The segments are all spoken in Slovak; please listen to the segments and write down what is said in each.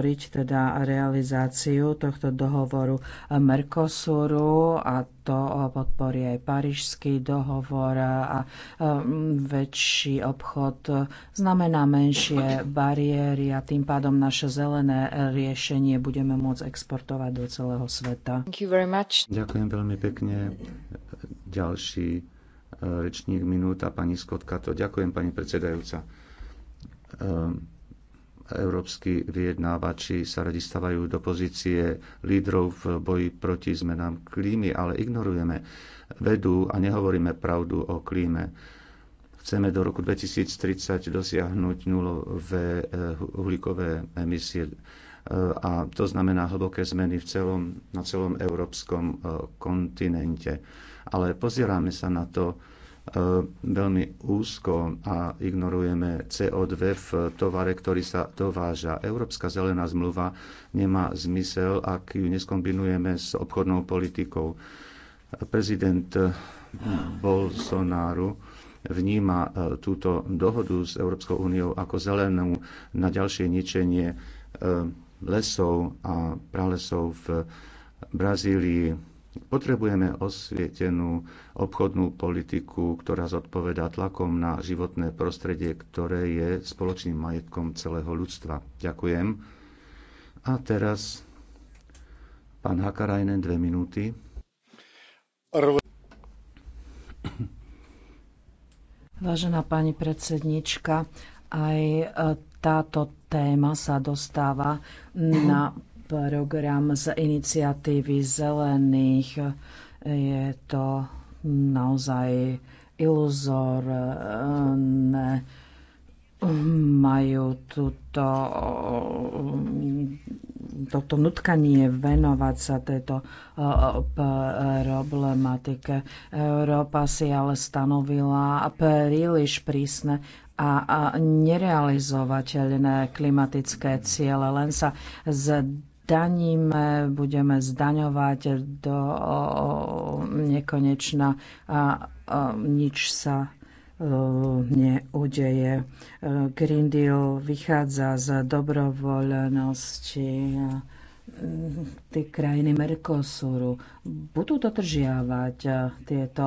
podporiť teda realizáciu tohto dohovoru Mercosuru a to podporí aj Parížský dohovor a väčší obchod znamená menšie bariéry a tým pádom naše zelené riešenie budeme môcť exportovať do celého sveta. Ďakujem veľmi pekne. Ďalší e, rečník minúta, pani Skotka. To ďakujem, pani predsedajúca. Ehm, európsky vyjednávači sa radi stavajú do pozície lídrov v boji proti zmenám klímy, ale ignorujeme vedu a nehovoríme pravdu o klíme. Chceme do roku 2030 dosiahnuť nulové eh, uhlíkové emisie eh, a to znamená hlboké zmeny v celom, na celom európskom eh, kontinente. Ale pozeráme sa na to E, veľmi úzko a ignorujeme CO2 v tovare, ktorý sa dováža. Európska zelená zmluva nemá zmysel, ak ju neskombinujeme s obchodnou politikou. Prezident Bolsonaro vníma e, túto dohodu s Európskou úniou ako zelenú na ďalšie ničenie e, lesov a pralesov v Brazílii Potrebujeme osvietenú obchodnú politiku, ktorá zodpovedá tlakom na životné prostredie, ktoré je spoločným majetkom celého ľudstva. Ďakujem. A teraz pán Hakarajnen, dve minúty. Vážená pani predsednička, aj e, táto téma sa dostáva na program z iniciatívy zelených. Je to naozaj iluzorné. Majú túto, toto nutkanie venovať sa tejto e, e, problematike. Európa si ale stanovila príliš prísne a, nerealizovateľné klimatické ciele. Len sa z zdaníme, budeme zdaňovať do nekonečna a nič sa neudeje. Green Deal vychádza z dobrovoľnosti tie krajiny Mercosuru budú dotržiavať tieto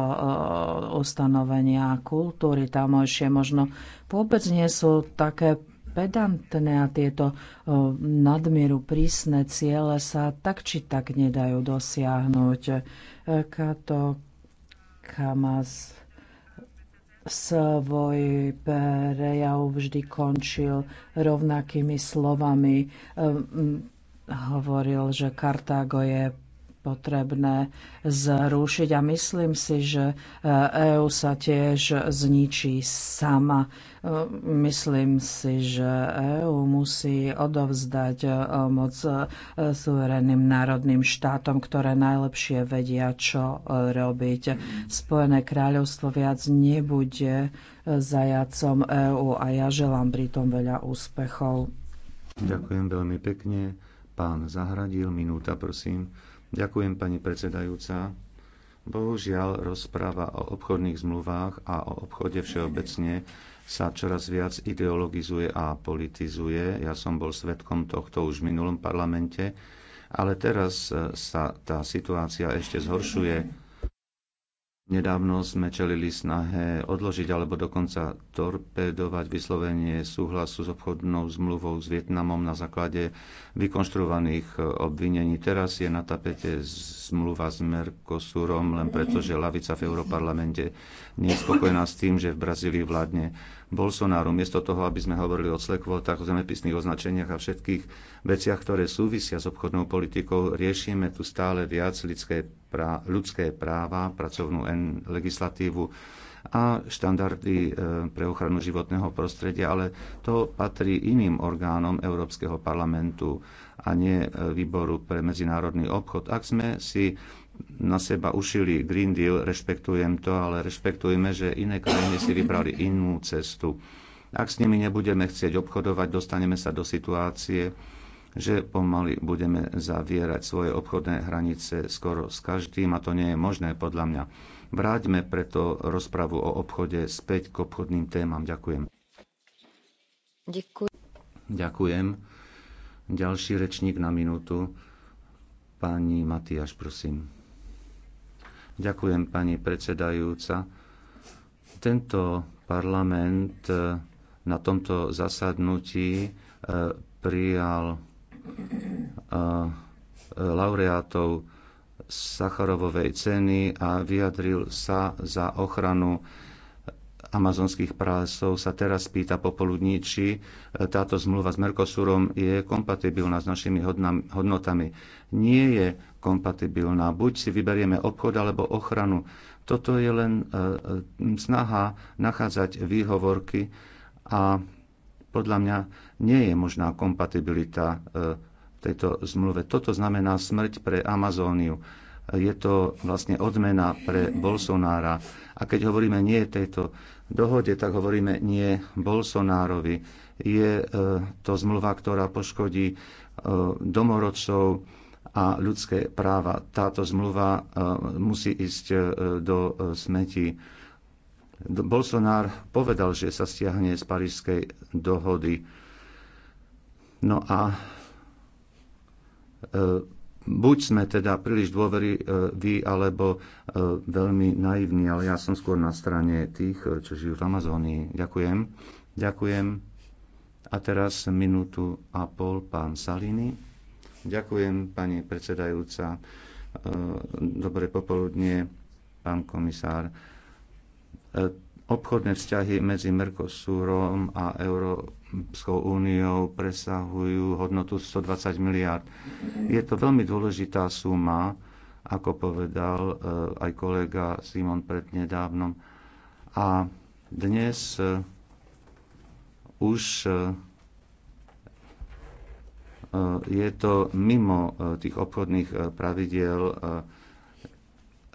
ustanovenia kultúry tamojšie. Možno vôbec nie sú také pedantné a tieto nadmieru prísne ciele sa tak či tak nedajú dosiahnuť. E, Kato Kamas svoj prejav vždy končil rovnakými slovami. E, hovoril, že Kartágo je potrebné zrušiť a myslím si, že EÚ e sa tiež zničí sama. E, myslím si, že EÚ musí odovzdať e, moc suverénnym národným štátom, ktoré najlepšie vedia, čo robiť. Spojené kráľovstvo viac nebude zajacom EÚ a ja želám Britom veľa úspechov. Ďakujem veľmi pekne. Pán Zahradil, minúta prosím. Ďakujem, pani predsedajúca. Bohužiaľ, rozpráva o obchodných zmluvách a o obchode všeobecne sa čoraz viac ideologizuje a politizuje. Ja som bol svetkom tohto už v minulom parlamente, ale teraz sa tá situácia ešte zhoršuje Nedávno sme čelili snahe odložiť alebo dokonca torpedovať vyslovenie súhlasu s obchodnou zmluvou s Vietnamom na základe vykonštruovaných obvinení. Teraz je na tapete zmluva s Mercosurom len preto, že lavica v Europarlamente nie je spokojná s tým, že v Brazílii vládne Bolsonaro, Miesto toho, aby sme hovorili o clekvotách, o zemepisných označeniach a všetkých veciach, ktoré súvisia s obchodnou politikou, riešime tu stále viac ľudské, prá- ľudské práva, pracovnú en- legislatívu a štandardy e, pre ochranu životného prostredia, ale to patrí iným orgánom Európskeho parlamentu a nie e, výboru pre medzinárodný obchod. Ak sme si na seba ušili Green Deal, rešpektujem to, ale rešpektujme, že iné krajiny si vybrali inú cestu. Ak s nimi nebudeme chcieť obchodovať, dostaneme sa do situácie, že pomaly budeme zavierať svoje obchodné hranice skoro s každým a to nie je možné podľa mňa. Vráťme preto rozpravu o obchode späť k obchodným témam. Ďakujem. Ďakujem. Ďakujem. Ďalší rečník na minútu. Pani Matiaš, prosím. Ďakujem, pani predsedajúca. Tento parlament e, na tomto zasadnutí e, prijal e, laureátov Sacharovovej ceny a vyjadril sa za ochranu amazonských prásov sa teraz pýta popoludní, či e, táto zmluva s Mercosurom je kompatibilná s našimi hodnotami. Nie je kompatibilná. Buď si vyberieme obchod alebo ochranu. Toto je len e, e, snaha nachádzať výhovorky a podľa mňa nie je možná kompatibilita v tejto zmluve. Toto znamená smrť pre Amazóniu je to vlastne odmena pre Bolsonára. A keď hovoríme nie tejto dohode, tak hovoríme nie Bolsonárovi. Je e, to zmluva, ktorá poškodí e, domorodcov a ľudské práva. Táto zmluva e, musí ísť do smeti. Bolsonár povedal, že sa stiahne z Parížskej dohody. No a buď sme teda príliš e, vy alebo e, veľmi naivní, ale ja som skôr na strane tých, e, čo žijú v Amazónii. Ďakujem. Ďakujem. A teraz minútu a pol pán Salini. Ďakujem, pani predsedajúca. Dobré popoludne, pán komisár obchodné vzťahy medzi Mercosurom a Európskou úniou presahujú hodnotu 120 miliard. Je to veľmi dôležitá suma, ako povedal e, aj kolega Simon prednedávnom. A dnes e, už e, je to mimo tých obchodných pravidiel,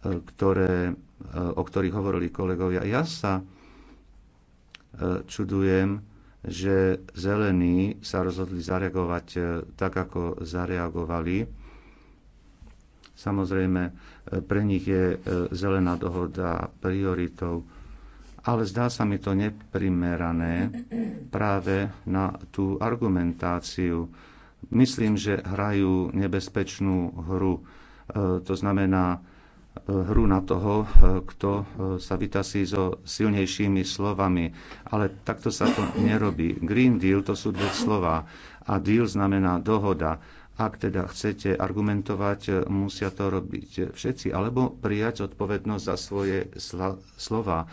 ktoré o ktorých hovorili kolegovia. Ja sa e, čudujem, že zelení sa rozhodli zareagovať e, tak, ako zareagovali. Samozrejme, e, pre nich je zelená dohoda prioritou, ale zdá sa mi to neprimerané práve na tú argumentáciu. Myslím, že hrajú nebezpečnú hru. To znamená, hru na toho, e, kto e, sa vytasí so silnejšími slovami. Ale takto sa to nerobí. Green Deal to sú dve slova a deal znamená dohoda. Ak teda chcete argumentovať, e, musia to robiť všetci, alebo prijať odpovednosť za svoje slova.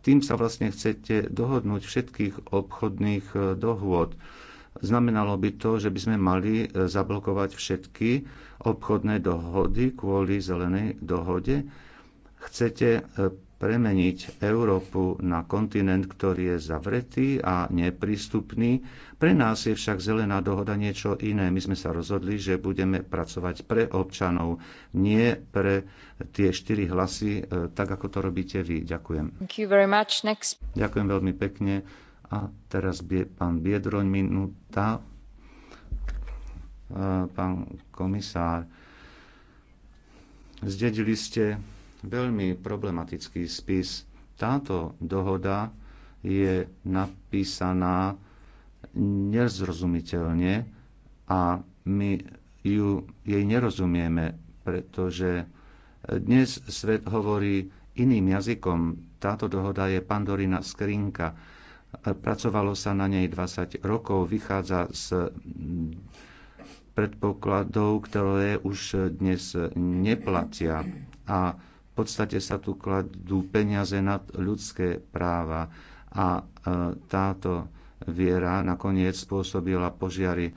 Tým sa vlastne chcete dohodnúť všetkých obchodných dohôd Znamenalo by to, že by sme mali e, zablokovať všetky obchodné dohody kvôli zelenej dohode. Chcete e, premeniť Európu na kontinent, ktorý je zavretý a neprístupný. Pre nás je však zelená dohoda niečo iné. My sme sa rozhodli, že budeme pracovať pre občanov, nie pre tie štyri hlasy, e, tak ako to robíte vy. Ďakujem. Ďakujem veľmi pekne. A teraz bie, pán Biedroň, minúta. E, pán komisár, zdedili ste veľmi problematický spis. Táto dohoda je napísaná nezrozumiteľne a my ju, jej nerozumieme, pretože dnes svet hovorí iným jazykom. Táto dohoda je Pandorina skrinka Pracovalo sa na nej 20 rokov, vychádza z predpokladov, ktoré už dnes neplatia. A v podstate sa tu kladú peniaze na ľudské práva a e, táto viera nakoniec spôsobila požiary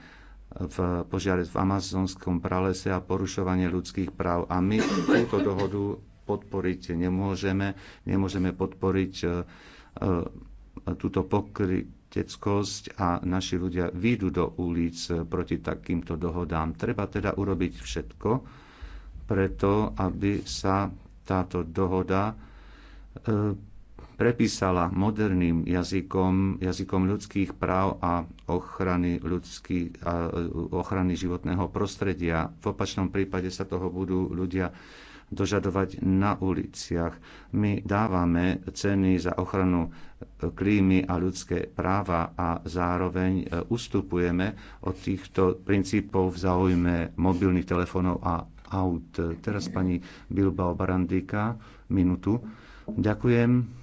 v požiare v amazonskom pralese a porušovanie ľudských práv. A my túto dohodu podporiť nemôžeme. Nemôžeme podporiť e, e, túto pokryteckosť a naši ľudia výjdu do ulic proti takýmto dohodám. Treba teda urobiť všetko preto, aby sa táto dohoda e, prepísala moderným jazykom, jazykom ľudských práv a ochrany, ľudský, a e, ochrany životného prostredia. V opačnom prípade sa toho budú ľudia dožadovať na uliciach. My dávame ceny za ochranu e, klímy a ľudské práva a zároveň e, ustupujeme od týchto princípov v záujme mobilných telefónov a aut. Teraz pani Bilbao Barandika, minútu. Ďakujem.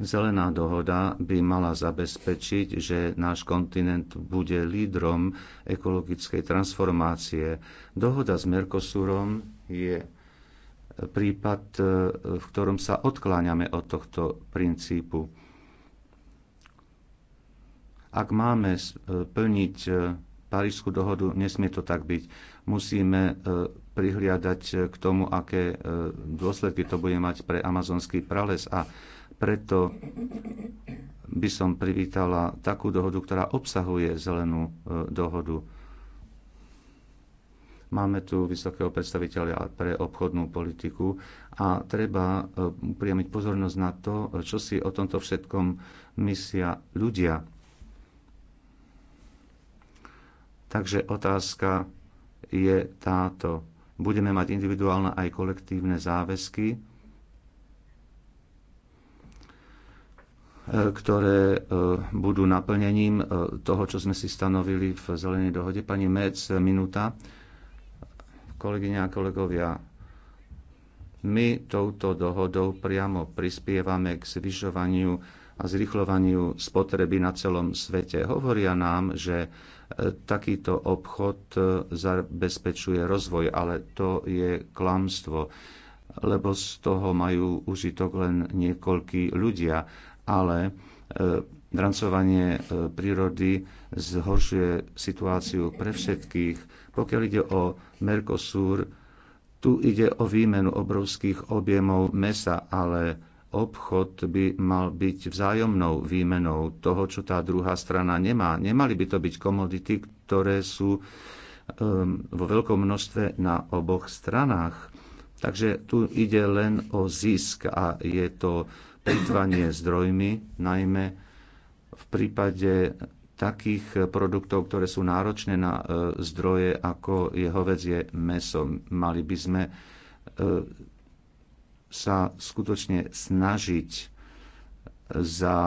Zelená dohoda by mala zabezpečiť, že náš kontinent bude lídrom ekologickej transformácie. Dohoda s Mercosurom je prípad, e, v ktorom sa odkláňame od tohto princípu. Ak máme e, plniť e, Parížskú dohodu, nesmie to tak byť. Musíme prihliadať k tomu, aké dôsledky to bude mať pre amazonský prales a preto by som privítala takú dohodu, ktorá obsahuje zelenú e, dohodu. Máme tu vysokého predstaviteľa pre obchodnú politiku a treba e, upriamiť pozornosť na to, čo si o tomto všetkom myslia ľudia. Takže otázka je táto. Budeme mať individuálne aj kolektívne záväzky, E, ktoré e, budú naplnením e, toho, čo sme si stanovili v zelenej dohode. Pani Mec, minúta. Kolegyňa a kolegovia, my touto dohodou priamo prispievame k zvyšovaniu a zrychľovaniu spotreby na celom svete. Hovoria nám, že takýto obchod zabezpečuje rozvoj, ale to je klamstvo lebo z toho majú užitok len niekoľkí ľudia ale e, drancovanie e, prírody zhoršuje situáciu pre všetkých. Pokiaľ ide o Mercosur, tu ide o výmenu obrovských objemov mesa, ale obchod by mal byť vzájomnou výmenou toho, čo tá druhá strana nemá. Nemali by to byť komodity, ktoré sú ehm, vo veľkom množstve na oboch stranách. Takže tu ide len o zisk a je to plýtvanie zdrojmi, najmä v prípade takých produktov, ktoré sú náročné na e, zdroje, ako je hovedzie meso. Mali by sme e, sa skutočne snažiť za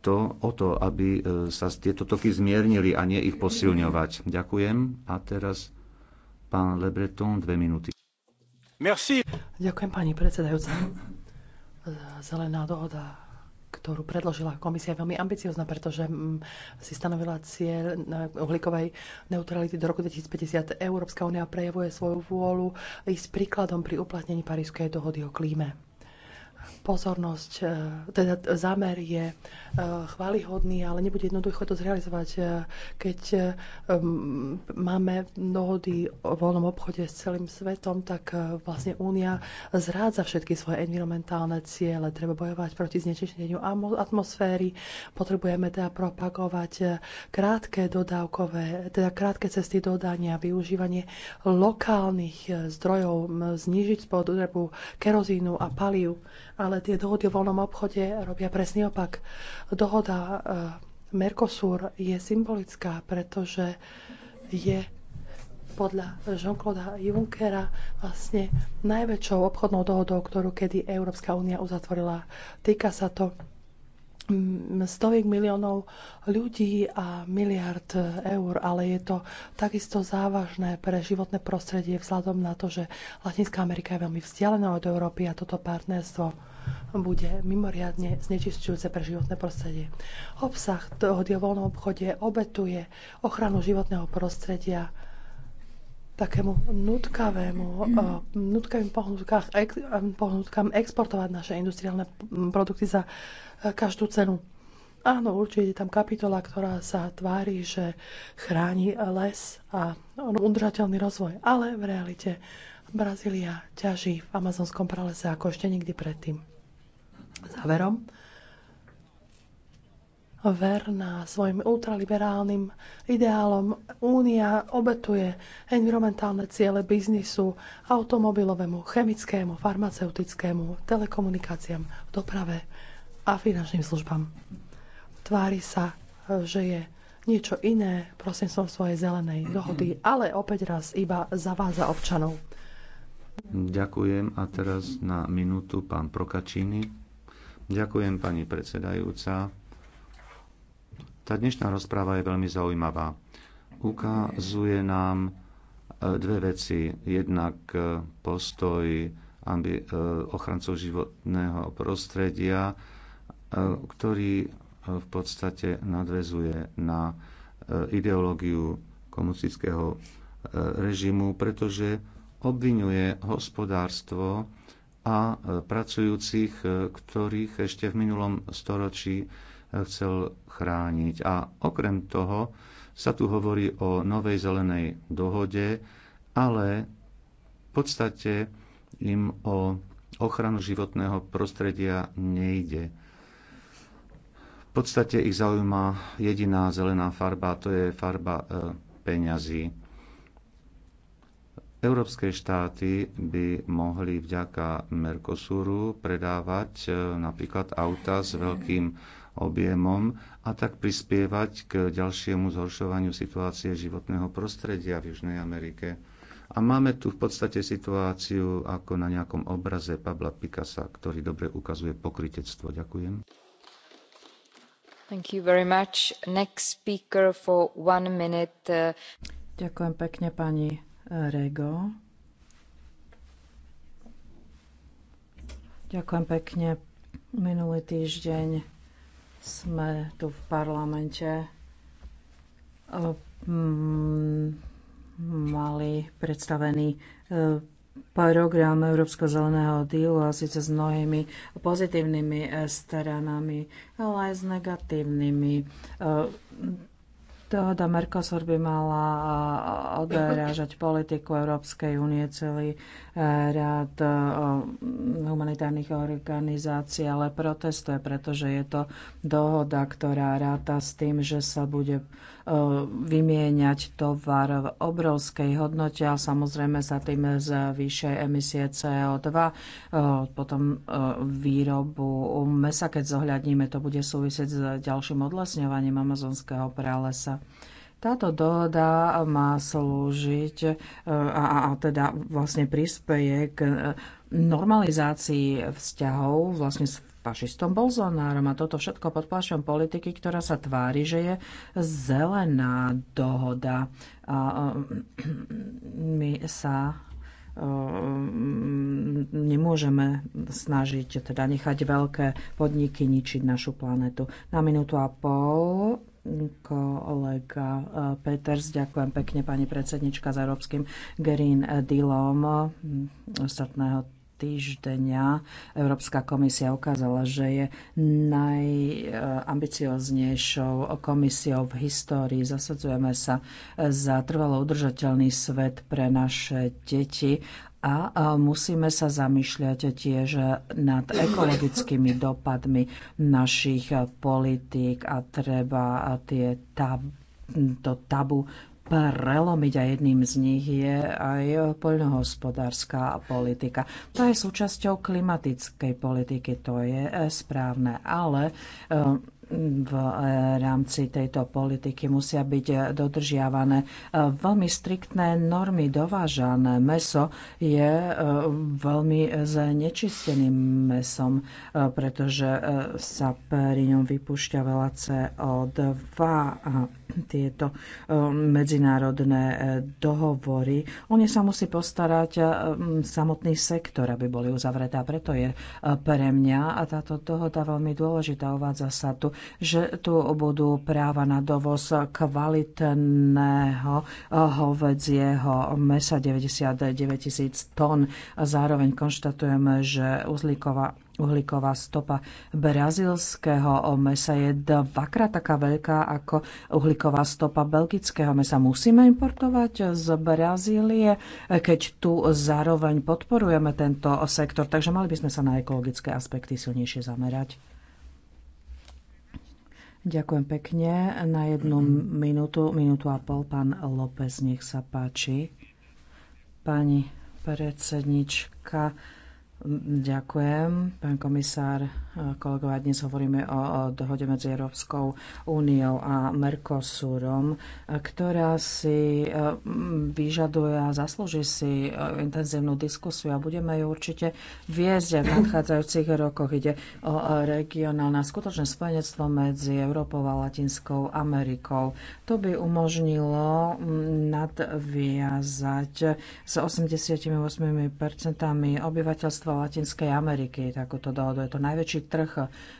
to, o to, aby e, sa tieto toky zmiernili a nie ich posilňovať. Ďakujem. A teraz pán Lebreton, dve minúty. Merci. Ďakujem pani predsedajúca. Zelená dohoda, ktorú predložila komisia, je veľmi ambiciozna, pretože mm, si stanovila cieľ e, uhlíkovej neutrality do roku 2050. Európska únia prejavuje svoju vôľu ísť príkladom pri uplatnení Parískej dohody o klíme pozornosť, e, teda zámer je e, chválihodný, ale nebude jednoducho to zrealizovať, e, keď máme dohody o voľnom obchode s celým svetom, tak vlastne Únia zrádza všetky svoje environmentálne ciele. Treba bojovať proti znečišteniu atmosféry, potrebujeme teda propagovať krátke dodávkové, teda krátke cesty dodania, využívanie lokálnych zdrojov, znižiť spotrebu kerozínu a palív ale tie dohody o voľnom obchode robia presný opak. Dohoda eh, Mercosur je symbolická, pretože je podľa Jean-Claude Junckera vlastne najväčšou obchodnou dohodou, ktorú kedy Európska únia uzatvorila. Týka sa to stoviek miliónov ľudí a miliard eur, ale je to takisto závažné pre životné prostredie vzhľadom na to, že Latinská Amerika je veľmi vzdialená od Európy a toto partnerstvo bude mimoriadne znečistujúce pre životné prostredie. Obsah toho o voľnom obchode obetuje ochranu životného prostredia takému nutkavému, mhm. eh, nutkavým pohnutkám, ex, pohnutkám exportovať naše industriálne produkty za eh, každú cenu. Áno, určite je tam kapitola, ktorá sa tvári, že chráni les a udržateľný rozvoj. Ale v realite Brazília ťaží v amazonskom pralese ako ešte nikdy predtým. Záverom, verná svojim ultraliberálnym ideálom. Únia obetuje environmentálne ciele biznisu, automobilovému, chemickému, farmaceutickému, telekomunikáciám, doprave a finančným službám. Tvári sa, že je niečo iné prosím som svojej zelenej dohody, ale opäť raz iba zaváza občanov. Ďakujem a teraz na minútu pán Prokačíny. Ďakujem pani predsedajúca tá dnešná rozpráva je veľmi zaujímavá. Ukazuje nám e, dve veci. Jednak e, postoj e, ochrancov životného prostredia, ktorý v podstate nadvezuje na ideológiu komunistického režimu, pretože obvinuje hospodárstvo a pracujúcich, ktorých ešte v minulom storočí chcel chrániť. A okrem toho sa tu hovorí o novej zelenej dohode, ale v podstate im o ochranu životného prostredia nejde. V podstate ich zaujíma jediná zelená farba, a to je farba e, peňazí. Európske štáty by mohli vďaka Mercosuru predávať e, napríklad auta s veľkým objemom a tak prispievať k ďalšiemu zhoršovaniu situácie životného prostredia v Južnej Amerike. A máme tu v podstate situáciu ako na nejakom obraze Pabla Picasa, ktorý dobre ukazuje pokrytectvo. Ďakujem. Thank you very much. Next speaker for one minute. Uh, Ďakujem pekne pani uh, Rego. Ďakujem pekne. Minulý týždeň sme tu v parlamente e, mm, mali predstavený e, program Európskeho zeleného dílu a síce s mnohými pozitívnymi e, stranami, ale aj s negatívnymi Dohoda Mercosur by mala eh, odrážať politiku Európskej únie, celý eh, rád eh, humanitárnych organizácií, ale protestuje, pretože je to dohoda, ktorá ráta s tým, že sa bude vymieňať tovar v obrovskej hodnote a samozrejme sa tým zvýšia emisie CO2, potom výrobu mesa, keď zohľadníme, to bude súvisieť s ďalším odlesňovaním amazonského pralesa táto dohoda má slúžiť e, a, a teda vlastne prispieje k e, normalizácii vzťahov vlastne s fašistom Bolsonárom a toto všetko pod plášťom politiky, ktorá sa tvári, že je zelená dohoda. A, e, my sa nemôžeme snažiť teda nechať veľké podniky ničiť našu planetu. Na minútu a pol kolega eh, Peters. Ďakujem pekne pani predsednička s európskym Green Dealom ostatného týždňa Európska komisia ukázala, že je najambicioznejšou komisiou v histórii. Zasadzujeme sa za trvalo udržateľný svet pre naše deti a musíme sa zamýšľať tiež nad ekologickými dopadmi našich politík a treba tie tab, to tabu prelomiť a jedným z nich je aj poľnohospodárska politika. To je súčasťou klimatickej politiky, to je správne, ale v eh, rámci tejto politiky musia byť eh, dodržiavané eh, veľmi striktné normy. Dovážané meso je veľmi znečisteným mesom, pretože sa pri ňom vypúšťa veľa CO2 tieto e, medzinárodné e, dohovory. O ne sa musí postarať e, samotný sektor, aby boli uzavreté. A preto je pre mňa a táto dohoda veľmi dôležitá. Uvádza sa tu, že tu budú práva na dovoz kvalitného hovedzieho mesa 99 tisíc tón. Zároveň konštatujeme, že uzlíková uhlíková stopa brazilského mesa je dvakrát taká veľká ako uhlíková stopa belgického mesa. Musíme importovať z Brazílie, keď tu zároveň podporujeme tento sektor, takže mali by sme sa na ekologické aspekty silnejšie zamerať. Ďakujem pekne. Na jednu minútu, minútu a pol, pán López, nech sa páči. Pani predsednička, Ďakujem, pán komisár. Kolegovia, dnes hovoríme o, o dohode medzi Európskou úniou a Mercosurom, ktorá si e, vyžaduje a zaslúži si e, intenzívnu diskusiu a budeme ju určite viesť v nadchádzajúcich rokoch. Ide o regionálne skutočné spojenectvo medzi Európou a Latinskou Amerikou. To by umožnilo nadviazať s 88% obyvateľstva obyvateľstva Latinskej Ameriky. to dohodu je to najväčší trh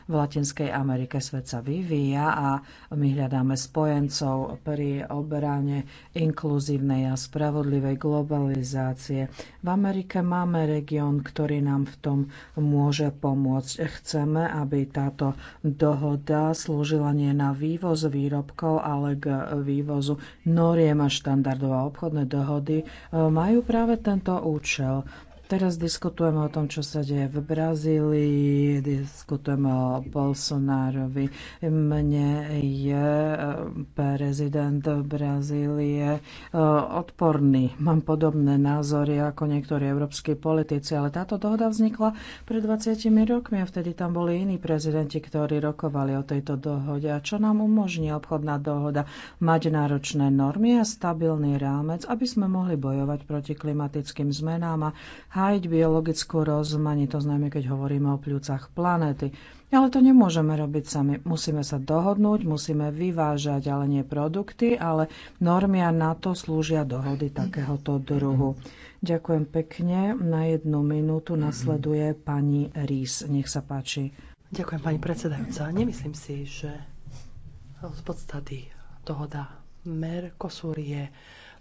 v Latinskej Amerike. Svet sa vyvíja a my hľadáme spojencov pri obrane inkluzívnej a spravodlivej globalizácie. V Amerike máme región, ktorý nám v tom môže pomôcť. Chceme, aby táto dohoda slúžila nie na vývoz výrobkov, ale k vývozu noriem a štandardov a obchodné dohody e, majú práve tento účel. Teraz diskutujeme o tom, čo sa deje v Brazílii, diskutujeme o Bolsonárovi. Mne je eh, prezident Brazílie eh, odporný. Mám podobné názory ako niektorí európsky politici, ale táto dohoda vznikla pred 20 rokmi a vtedy tam boli iní prezidenti, ktorí rokovali o tejto dohode. A čo nám umožní obchodná dohoda? Mať náročné normy a stabilný rámec, aby sme mohli bojovať proti klimatickým zmenám a hájiť biologickú to znamená, keď hovoríme o pľúcach planéty. Ale to nemôžeme robiť sami. Musíme sa dohodnúť, musíme vyvážať, ale nie produkty, ale normy a na to slúžia dohody takéhoto druhu. Ďakujem pekne. Na jednu minútu nasleduje pani Rís. Nech sa páči. Ďakujem, pani predsedajúca. Nemyslím si, že z podstaty dohoda Mercosur je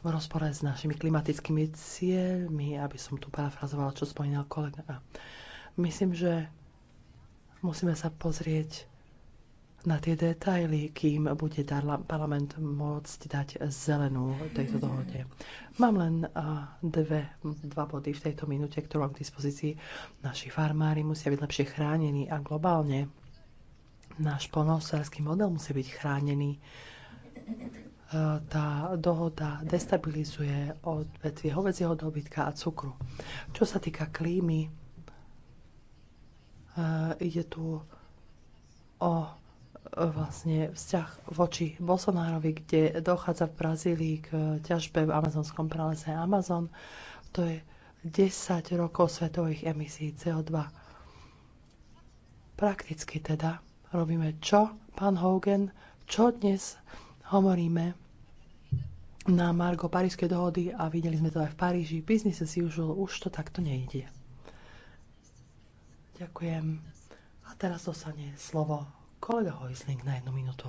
v rozpore s našimi klimatickými cieľmi, aby som tu parafrazovala, čo spomínal kolega. A myslím, že musíme sa pozrieť na tie detaily, kým bude parlament môcť dať zelenú tejto dohode. Mám len dve, dva body v tejto minúte, ktorú mám k dispozícii. Naši farmári musia byť lepšie chránení a globálne náš polnohospodársky model musí byť chránený E, tá dohoda destabilizuje odvetvie hovedzieho dobytka a cukru. Čo sa týka klímy, e, ide tu o e, vlastne vzťah voči Bolsonárovi, kde dochádza v Brazílii k ťažbe v amazonskom pralese Amazon. To je 10 rokov svetových emisí CO2. Prakticky teda robíme čo, pán Hogan, čo dnes hovoríme na Margo Parískej dohody a videli sme to aj v Paríži. Business as usual, už to takto nejde. Ďakujem. A teraz dostane slovo kolega Hojsling na jednu minútu.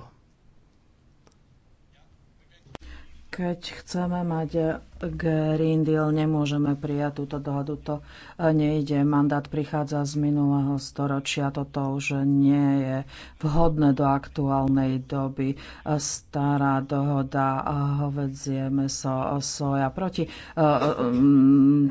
Keď chceme mať Green Deal nemôžeme prijať túto dohodu, to eh, nejde. Mandát prichádza z minulého storočia, toto už nie je vhodné do aktuálnej doby. Eh, stará dohoda eh, hovedzie meso, soja proti,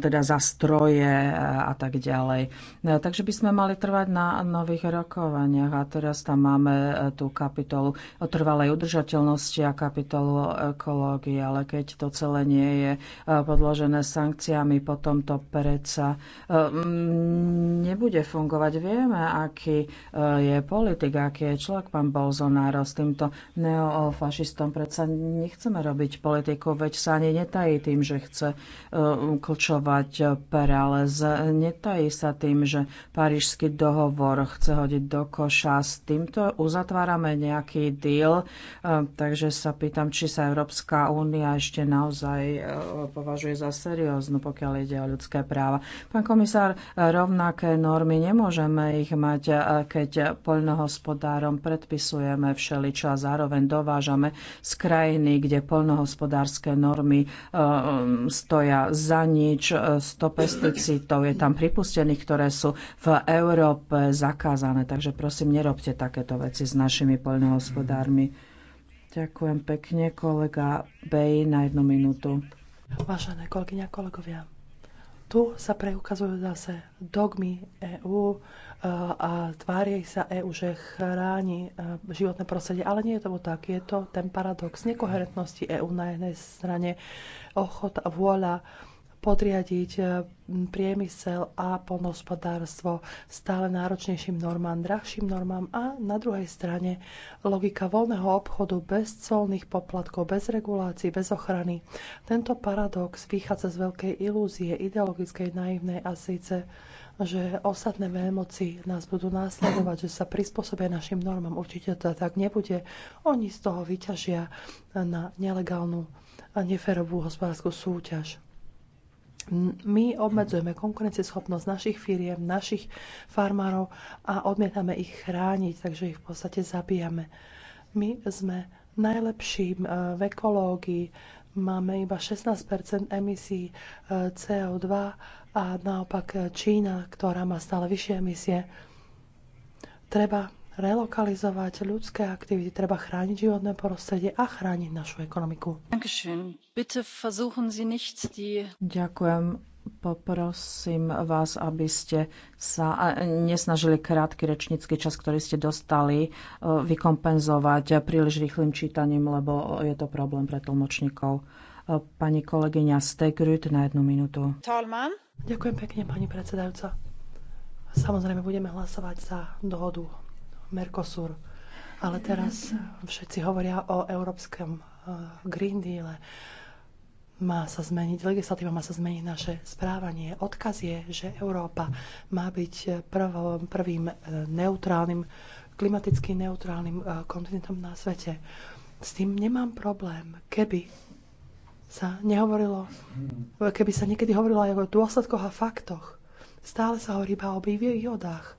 teda za stroje a tak ďalej. No, takže by sme mali trvať na nových rokovaniach a teraz tam máme tú kapitolu o trvalej udržateľnosti a kapitolu ekológie, ale keď to celé nie je Eh, podložené sankciami, potom to predsa eh, mm, nebude fungovať. Vieme, aký eh, je politik, aký je človek pán Bolsonaro s týmto neofašistom. Predsa nechceme robiť politiku, veď sa ani netají tým, že chce uklčovať perales. Netají sa tým, že parížsky dohovor chce hodiť do koša. S týmto uzatvárame nejaký deal, takže sa pýtam, či sa Európska únia ešte naozaj považuje za serióznu, pokiaľ ide o ľudské práva. Pán komisár, rovnaké normy nemôžeme ich mať, keď poľnohospodárom predpisujeme všeličo a zároveň dovážame z krajiny, kde poľnohospodárske normy e, um, stoja za nič, 100 e, pesticídov je tam pripustených, ktoré sú v Európe zakázané. Takže prosím, nerobte takéto veci s našimi poľnohospodármi. Ďakujem pekne, kolega Bej, na jednu minútu. Vážené a kolegovia, tu sa preukazujú zase dogmy EÚ e, a tvári sa EÚ, že chráni e, životné prostredie, ale nie je tomu tak. Je to ten paradox nekoherentnosti EÚ na jednej strane, ochota, vôľa podriadiť e, priemysel a polnohospodárstvo stále náročnejším normám, drahším normám a na druhej strane logika voľného obchodu bez colných poplatkov, bez regulácií, bez ochrany. Tento paradox vychádza z veľkej ilúzie, ideologickej, naivnej a síce že ostatné veľmoci nás budú následovať, že sa prispôsobia našim normám. Určite to tak nebude. Oni z toho vyťažia na nelegálnu a neferovú hospodárskú súťaž my obmedzujeme konkurencieschopnosť našich firiem, našich farmárov a odmietame ich chrániť, takže ich v podstate zabijame. My sme najlepším e, v ekológii, máme iba 16 emisí e, CO2 a naopak Čína, ktorá má stále vyššie emisie. Treba relokalizovať ľudské aktivity, treba chrániť životné prostredie a chrániť našu ekonomiku. Ďakujem. Poprosím vás, aby ste sa nesnažili krátky rečnícky čas, ktorý ste dostali, e, vykompenzovať príliš rýchlým čítaním, lebo je to problém pre tlmočníkov. E, pani kolegyňa Stegrud na jednu minútu. Ďakujem pekne, pani predsedajúca. Samozrejme, budeme hlasovať za dohodu Mercosur. Ale teraz všetci hovoria o európskom e, Green Deal. Má sa zmeniť legislatíva, má sa zmeniť naše správanie. Odkaz je, že Európa má byť e, prvom, prvým e, neutrálnym, klimaticky neutrálnym kontinentom na svete. S tým nemám problém, keby sa nehovorilo, keby sa niekedy hovorilo aj o dôsledkoch a faktoch. Stále sa hovorí iba o výhodách.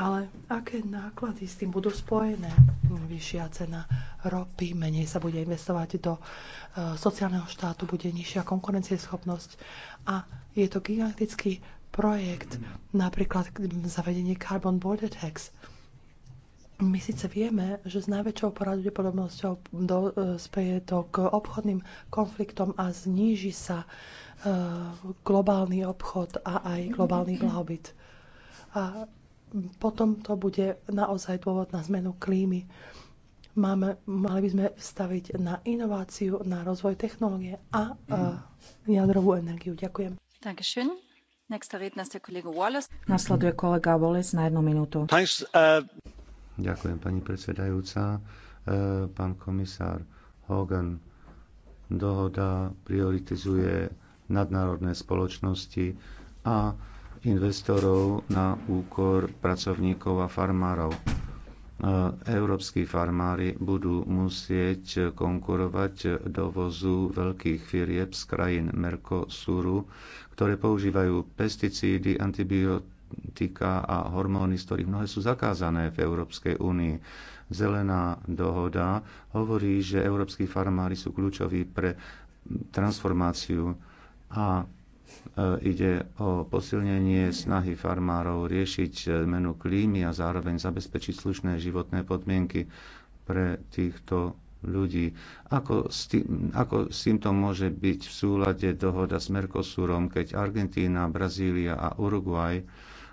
Ale aké náklady s tým budú spojené? Vyššia cena ropy, menej sa bude investovať do e, sociálneho štátu, bude nižšia konkurencieschopnosť a je to gigantický projekt, napríklad zavedenie Carbon Border Tax. My síce vieme, že s najväčšou pravdepodobnosťou do, e, speje to k obchodným konfliktom a zníži sa uh, globálny obchod a aj globálny blahobyt. A potom to bude naozaj dôvod na zmenu klímy. Máme, mali by sme staviť na inováciu, na rozvoj technológie a mm. jadrovú energiu. Ďakujem. Dankeschön. Nasleduje kolega Wallace na jednu minútu. Uh, Ďakujem, pani predsedajúca. Uh, pán komisár Hogan, dohoda prioritizuje nadnárodné spoločnosti a investorov na úkor pracovníkov a farmárov. E, európsky farmári budú musieť konkurovať dovozu veľkých firieb z krajín Mercosuru, ktoré používajú pesticídy, antibiotika a hormóny, z ktorých mnohé sú zakázané v Európskej únii. Zelená dohoda hovorí, že európsky farmári sú kľúčoví pre transformáciu a E, ide o posilnenie snahy farmárov riešiť e, zmenu klímy a zároveň zabezpečiť slušné životné podmienky pre týchto ľudí. Ako s, tým, ako s týmto môže byť v súlade dohoda s Mercosurom, keď Argentína, Brazília a Uruguay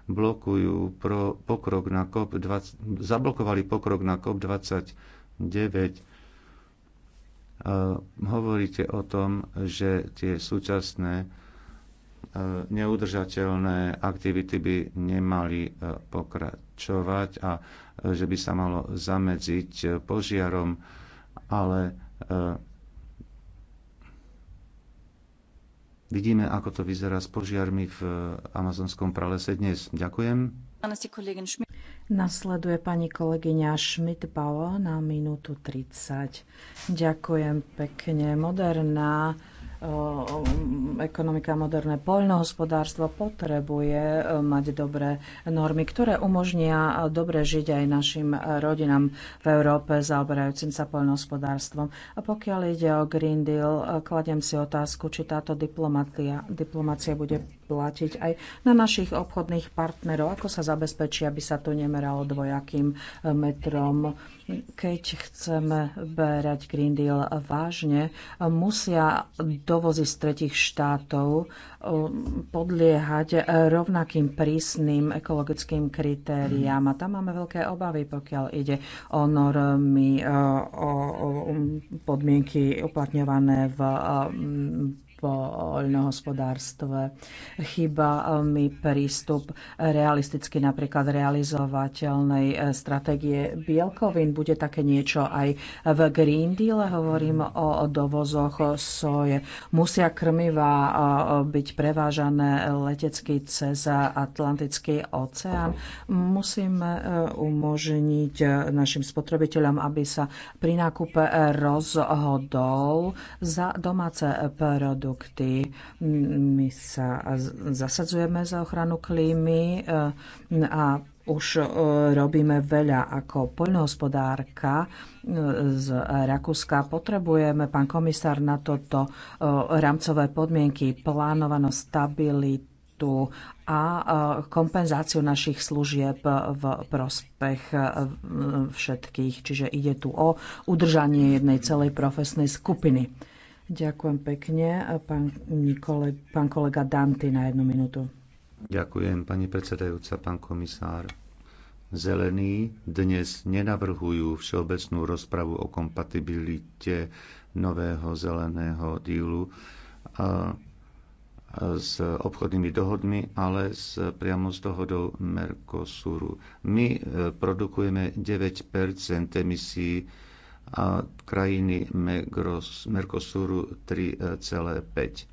blokujú pro pokrok na COP20, zablokovali pokrok na COP29. Uh, e, hovoríte o tom, že tie súčasné E, neudržateľné aktivity by nemali e, pokračovať a e, že by sa malo zamedziť požiarom, ale vidíme, ako to vyzerá s požiarmi v amazonskom pralese dnes. Ďakujem. Nasleduje pani kolegyňa Schmidt-Bauer na minútu 30. Ďakujem pekne. Moderná Eh, ekonomika, moderné poľnohospodárstvo potrebuje eh, mať dobré normy, ktoré umožnia eh, dobre žiť aj našim rodinám v Európe zaoberajúcim sa poľnohospodárstvom. A pokiaľ ide o Green Deal, kladem si otázku, či táto diplomatia, diplomacia bude platiť aj na našich obchodných partnerov, ako sa zabezpečí, aby sa to nemeralo dvojakým metrom keď chceme berať Green Deal vážne, musia dovozy z tretich štátov um, podliehať rovnakým prísnym ekologickým kritériám. A tam máme veľké obavy, pokiaľ ide o normy, uh, o um, podmienky uplatňované v um, poľnohospodárstve. Chyba mi prístup realisticky napríklad realizovateľnej e, stratégie bielkovín. Bude také niečo aj v Green Deal, hovorím o dovozoch soje. Musia krmiva e, byť prevážané letecky cez Atlantický oceán. Musíme e, umožniť našim spotrebiteľom, aby sa pri nákupe rozhodol za domáce produkty produkty. My sa zasadzujeme za ochranu klímy eh, a už eh, robíme veľa ako poľnohospodárka eh, z Rakúska. Potrebujeme, pán komisár, na toto rámcové podmienky, plánovanú stabilitu a kompenzáciu našich služieb v prospech všetkých. Čiže ide tu o udržanie jednej celej profesnej skupiny. Ďakujem pekne. Pán, koleg, pán kolega Danty na jednu minútu. Ďakujem, pani predsedajúca, pán komisár. Zelení dnes nenavrhujú všeobecnú rozpravu o kompatibilite nového zeleného dílu a s obchodnými dohodmi, ale s, priamo s dohodou Mercosuru. My e, produkujeme 9 emisí a krajiny Mercosuru 3,5.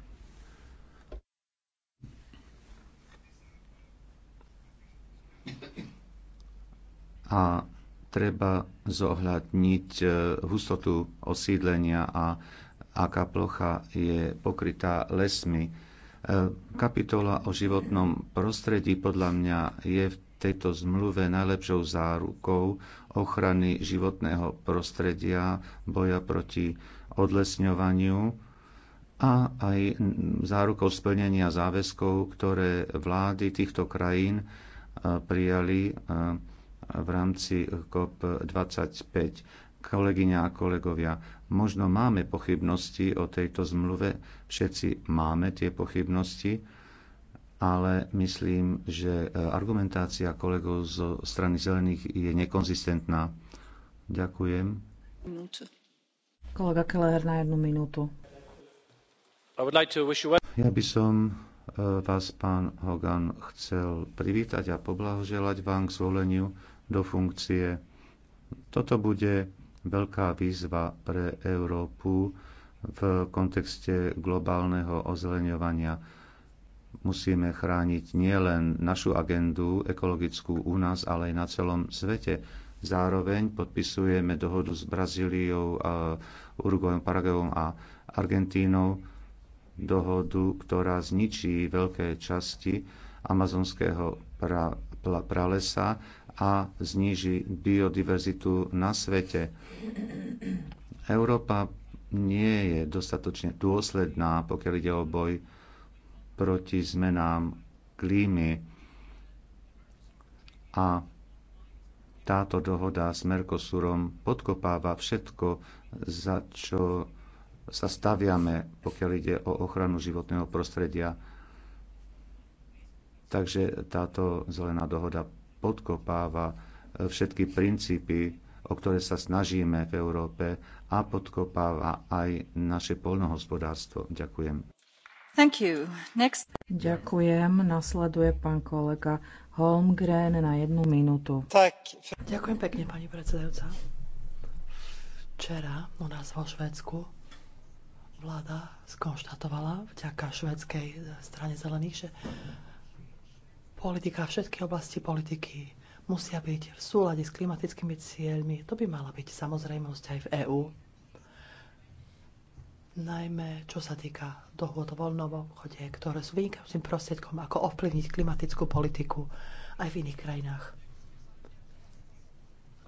A treba zohľadniť e, hustotu osídlenia a aká plocha je pokrytá lesmi. E, kapitola o životnom prostredí podľa mňa je v tejto zmluve najlepšou zárukou ochrany životného prostredia, boja proti odlesňovaniu a aj zárukou splnenia záväzkov, ktoré vlády týchto krajín e, prijali e, v rámci COP25. Kolegyňa a kolegovia, možno máme pochybnosti o tejto zmluve, všetci máme tie pochybnosti, ale myslím, že e, argumentácia kolegov zo strany zelených je nekonzistentná. Ďakujem. Kolega Keller na jednu minútu. Ja by som e, vás, pán Hogan, chcel privítať a poblahoželať vám k zvoleniu do funkcie. Toto bude veľká výzva pre Európu v kontexte globálneho ozeleňovania musíme chrániť nielen našu agendu ekologickú u nás, ale aj na celom svete. Zároveň podpisujeme dohodu s Brazíliou, Uruguayom, Paragajom a Argentínou, dohodu, ktorá zničí veľké časti amazonského pra, pra, pralesa a zníži biodiverzitu na svete. Európa nie je dostatočne dôsledná, pokiaľ ide o boj proti zmenám klímy. A táto dohoda s Mercosurom podkopáva všetko, za čo sa staviame, pokiaľ ide o ochranu životného prostredia. Takže táto zelená dohoda podkopáva e, všetky princípy, o ktoré sa snažíme v Európe a podkopáva aj naše poľnohospodárstvo. Ďakujem. Ďakujem. Nasleduje pán kolega Holmgren na jednu minútu. Ďakujem pekne, pani predsedajúca. Včera u nás vo Švedsku vláda skonštatovala vďaka švedskej strane zelených, že politika, všetky oblasti politiky musia byť v súlade s klimatickými cieľmi. To by mala byť samozrejmosť aj v EÚ najmä čo sa týka dohôd o voľnom obchode, ktoré sú vynikajúcim prostriedkom, ako ovplyvniť klimatickú politiku aj v iných krajinách.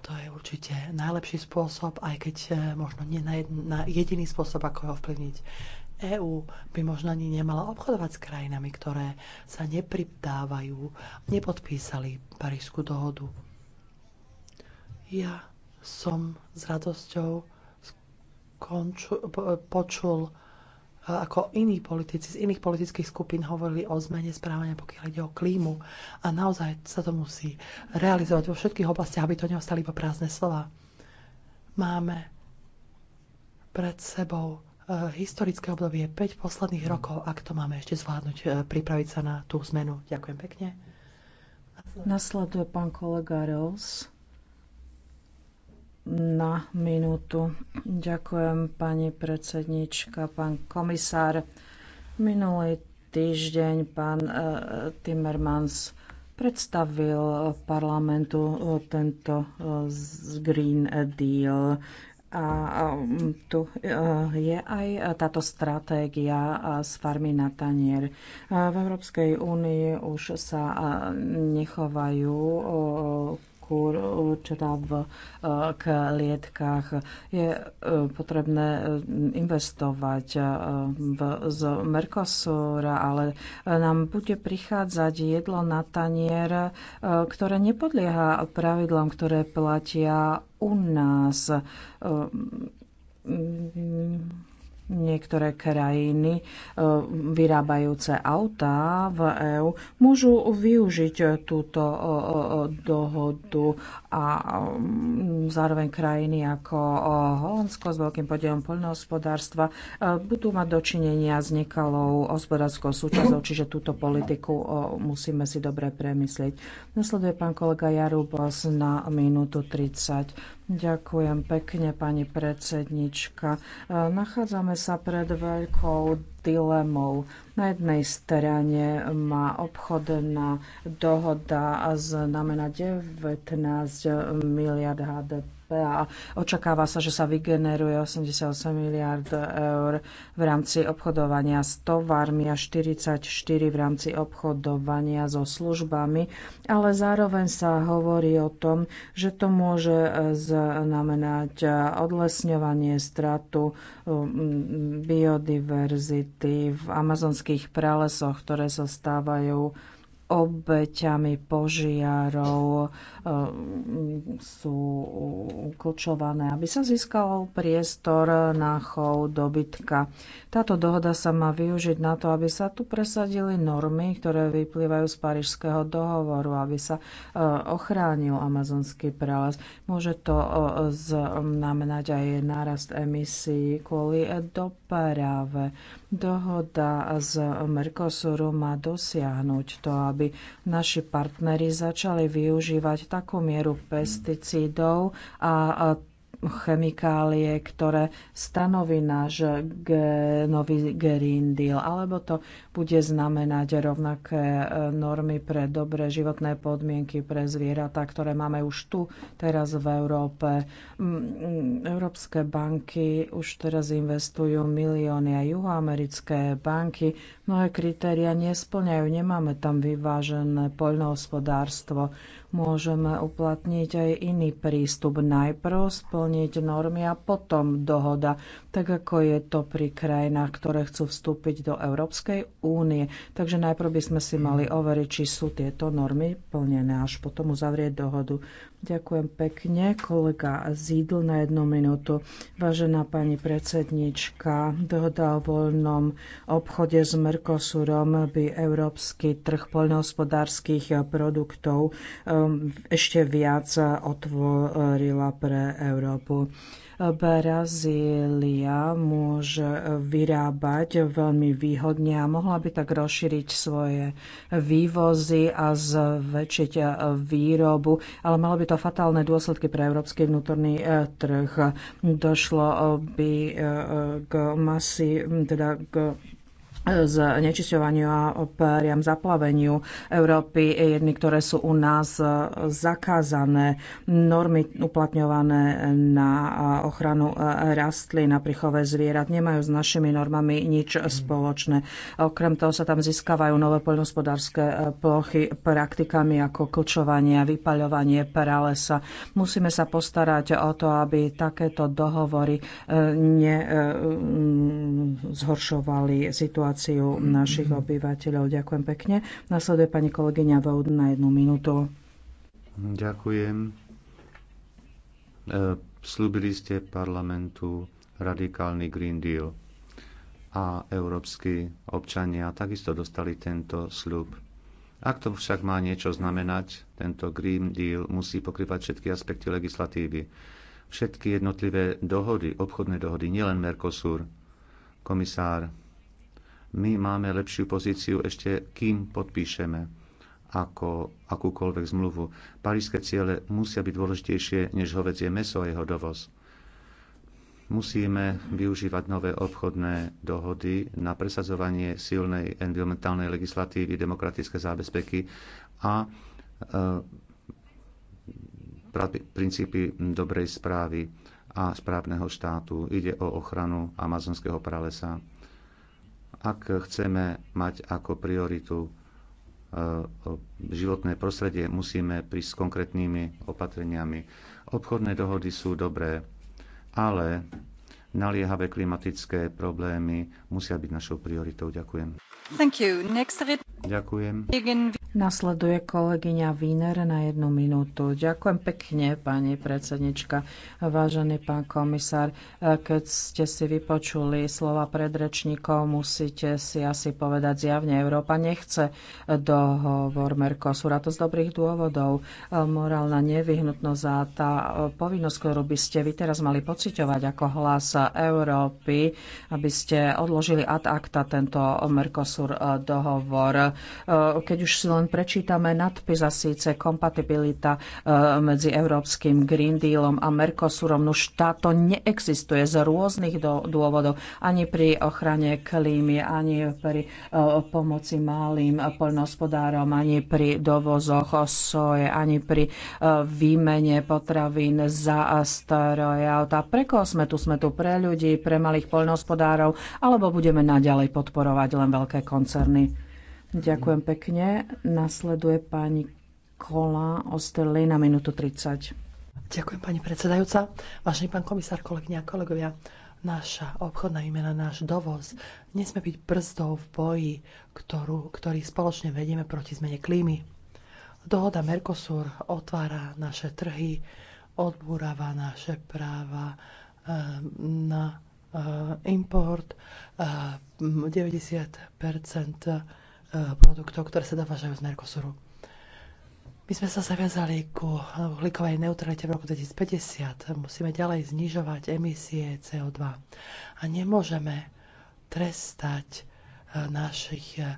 To je určite najlepší spôsob, aj keď e, možno nie na, na jediný spôsob, ako ho ovplyvniť. EÚ by možno ani nemala obchodovať s krajinami, ktoré sa nepridávajú, nepodpísali Parížskú dohodu. Ja som s radosťou konču, počul, ako iní politici z iných politických skupín hovorili o zmene správania, pokiaľ ide o klímu. A naozaj sa to musí realizovať vo všetkých oblastiach, aby to neostali iba prázdne slova. Máme pred sebou e, historické obdobie 5 posledných rokov, ak to máme ešte zvládnuť, e, pripraviť sa na tú zmenu. Ďakujem pekne. Nasleduje pán kolega Rose na minútu. Ďakujem, pani predsednička, pán komisár. Minulý týždeň pán e, Timmermans predstavil parlamentu e, tento e, Green Deal. A tu je aj táto stratégia z farmy na tanier. V Európskej únii už sa nechovajú chôr včera v eh, klietkách. Je eh, potrebné eh, investovať v, z Mercosura, ale nám bude prichádzať jedlo na tanier, ktoré nepodlieha pravidlám, ktoré platia u nás. Niektoré krajiny e, vyrábajúce autá v EÚ môžu využiť túto e, e, dohodu a mm, zároveň krajiny ako Holandsko s veľkým podielom poľnohospodárstva budú mať dočinenia s nekalou hospodárskou súčasťou, čiže túto politiku musíme si dobre premyslieť. Nasleduje pán kolega Jarubos na minútu 30. Ďakujem pekne, pani predsednička. Nachádzame sa pred veľkou dilemou. Na jednej strane má obchodná dohoda znamená 19 miliard HDP a očakáva sa, že sa vygeneruje 88 miliard eur v rámci obchodovania s tovarmi a 44 v rámci obchodovania so službami, ale zároveň sa hovorí o tom, že to môže znamenať odlesňovanie, stratu um, biodiverzity v amazonských pralesoch, ktoré sa stávajú obeťami požiarov eh, sú kočované, aby sa získal priestor na chov dobytka. Táto dohoda sa má využiť na to, aby sa tu presadili normy, ktoré vyplývajú z Parížského dohovoru, aby sa eh, ochránil amazonský prales. Môže to eh, znamenať aj nárast emisí kvôli doprave. Dohoda z Mercosurom má dosiahnuť to, aby naši partneri začali využívať takú mieru pesticídov a chemikálie, ktoré stanoví náš nový Green Deal, alebo to bude znamenať rovnaké e, normy pre dobré životné podmienky pre zvieratá, ktoré máme už tu teraz v Európe. Európske banky už teraz investujú milióny a juhoamerické banky mnohé kritéria nesplňajú, nemáme tam vyvážené poľnohospodárstvo. Môžeme uplatniť aj iný prístup. Najprv splň splniť normy a potom dohoda, tak ako je to pri krajinách, ktoré chcú vstúpiť do Európskej únie. Takže najprv by sme si mali overiť, či sú tieto normy plnené, až potom uzavrieť dohodu. Ďakujem pekne. Kolega Zídl na jednu minútu. Vážená pani predsednička, dohoda o voľnom obchode s Mercosurom by európsky trh poľnohospodárskych produktov um, ešte viac otvorila pre Európu. Brazília môže vyrábať veľmi výhodne a mohla by tak rozšíriť svoje vývozy a zväčšiť výrobu, ale malo by to fatálne dôsledky pre európsky vnútorný e, trh. Došlo by e, e, k masi, teda k znečisťovaniu a priam zaplaveniu Európy, jedny, ktoré sú u nás zakázané, normy uplatňované na ochranu rastlín a prichové zvierat nemajú s našimi normami nič spoločné. Okrem toho sa tam získavajú nové poľnohospodárske plochy praktikami ako kočovanie, vypaľovanie pralesa. Musíme sa postarať o to, aby takéto dohovory eh, nezhoršovali eh, mm, situáciu motiváciu našich obyvateľov. Ďakujem pekne. Nasleduje pani kolegyňa Vaud na jednu minútu. Ďakujem. E, slúbili ste parlamentu radikálny Green Deal a európsky občania takisto dostali tento sľub. Ak to však má niečo znamenať, tento Green Deal musí pokrývať všetky aspekty legislatívy, všetky jednotlivé dohody, obchodné dohody, nielen Mercosur. Komisár my máme lepšiu pozíciu ešte kým podpíšeme ako akúkoľvek zmluvu. Parížské ciele musia byť dôležitejšie než hovedzie meso a jeho dovoz. Musíme využívať nové obchodné dohody na presadzovanie silnej environmentálnej legislatívy, demokratické zábezpeky a e, princípy dobrej správy a správneho štátu. Ide o ochranu amazonského pralesa ak chceme mať ako prioritu e, životné prostredie, musíme prísť s konkrétnymi opatreniami. Obchodné dohody sú dobré, ale naliehavé klimatické problémy musia byť našou prioritou. Ďakujem. Next... Ďakujem. Nasleduje kolegyňa Wiener na jednu minútu. Ďakujem pekne, pani predsednička. Vážený pán komisár, keď ste si vypočuli slova predrečníkov, musíte si asi povedať zjavne, Európa nechce dohovor Mercosura. To z dobrých dôvodov. Morálna nevyhnutnosť a tá povinnosť, ktorú by ste vy teraz mali pociťovať ako hlas Európy, aby ste odložili ad acta tento Mercosur dohovor. Keď už si len prečítame nadpis a síce kompatibilita e, medzi Európskym Green Dealom a Mercosurom. No táto neexistuje z rôznych dôvodov, ani pri ochrane klímy, ani pri e, pomoci malým poľnohospodárom, ani pri dovozoch soje, ani pri e, výmene potravín za staré auta. Pre koho sme tu? Sme tu pre ľudí, pre malých poľnohospodárov, alebo budeme naďalej podporovať len veľké koncerny? Ďakujem pekne. Nasleduje pani Kola Osterlej na minútu 30. Ďakujem pani predsedajúca. Vážený pán komisár, kolegyňa a kolegovia, naša obchodná výmena, náš dovoz, nesme byť brzdou v boji, ktorú, ktorý spoločne vedieme proti zmene klímy. Dohoda Mercosur otvára naše trhy, odbúrava naše práva ehm, na ehm, import, 90 ehm, Eh, produktov, ktoré sa dovážajú z Mercosuru. My sme sa zaviazali ku uhlíkovej neutralite v roku 2050. Musíme ďalej znižovať emisie CO2. A nemôžeme trestať eh, našich eh,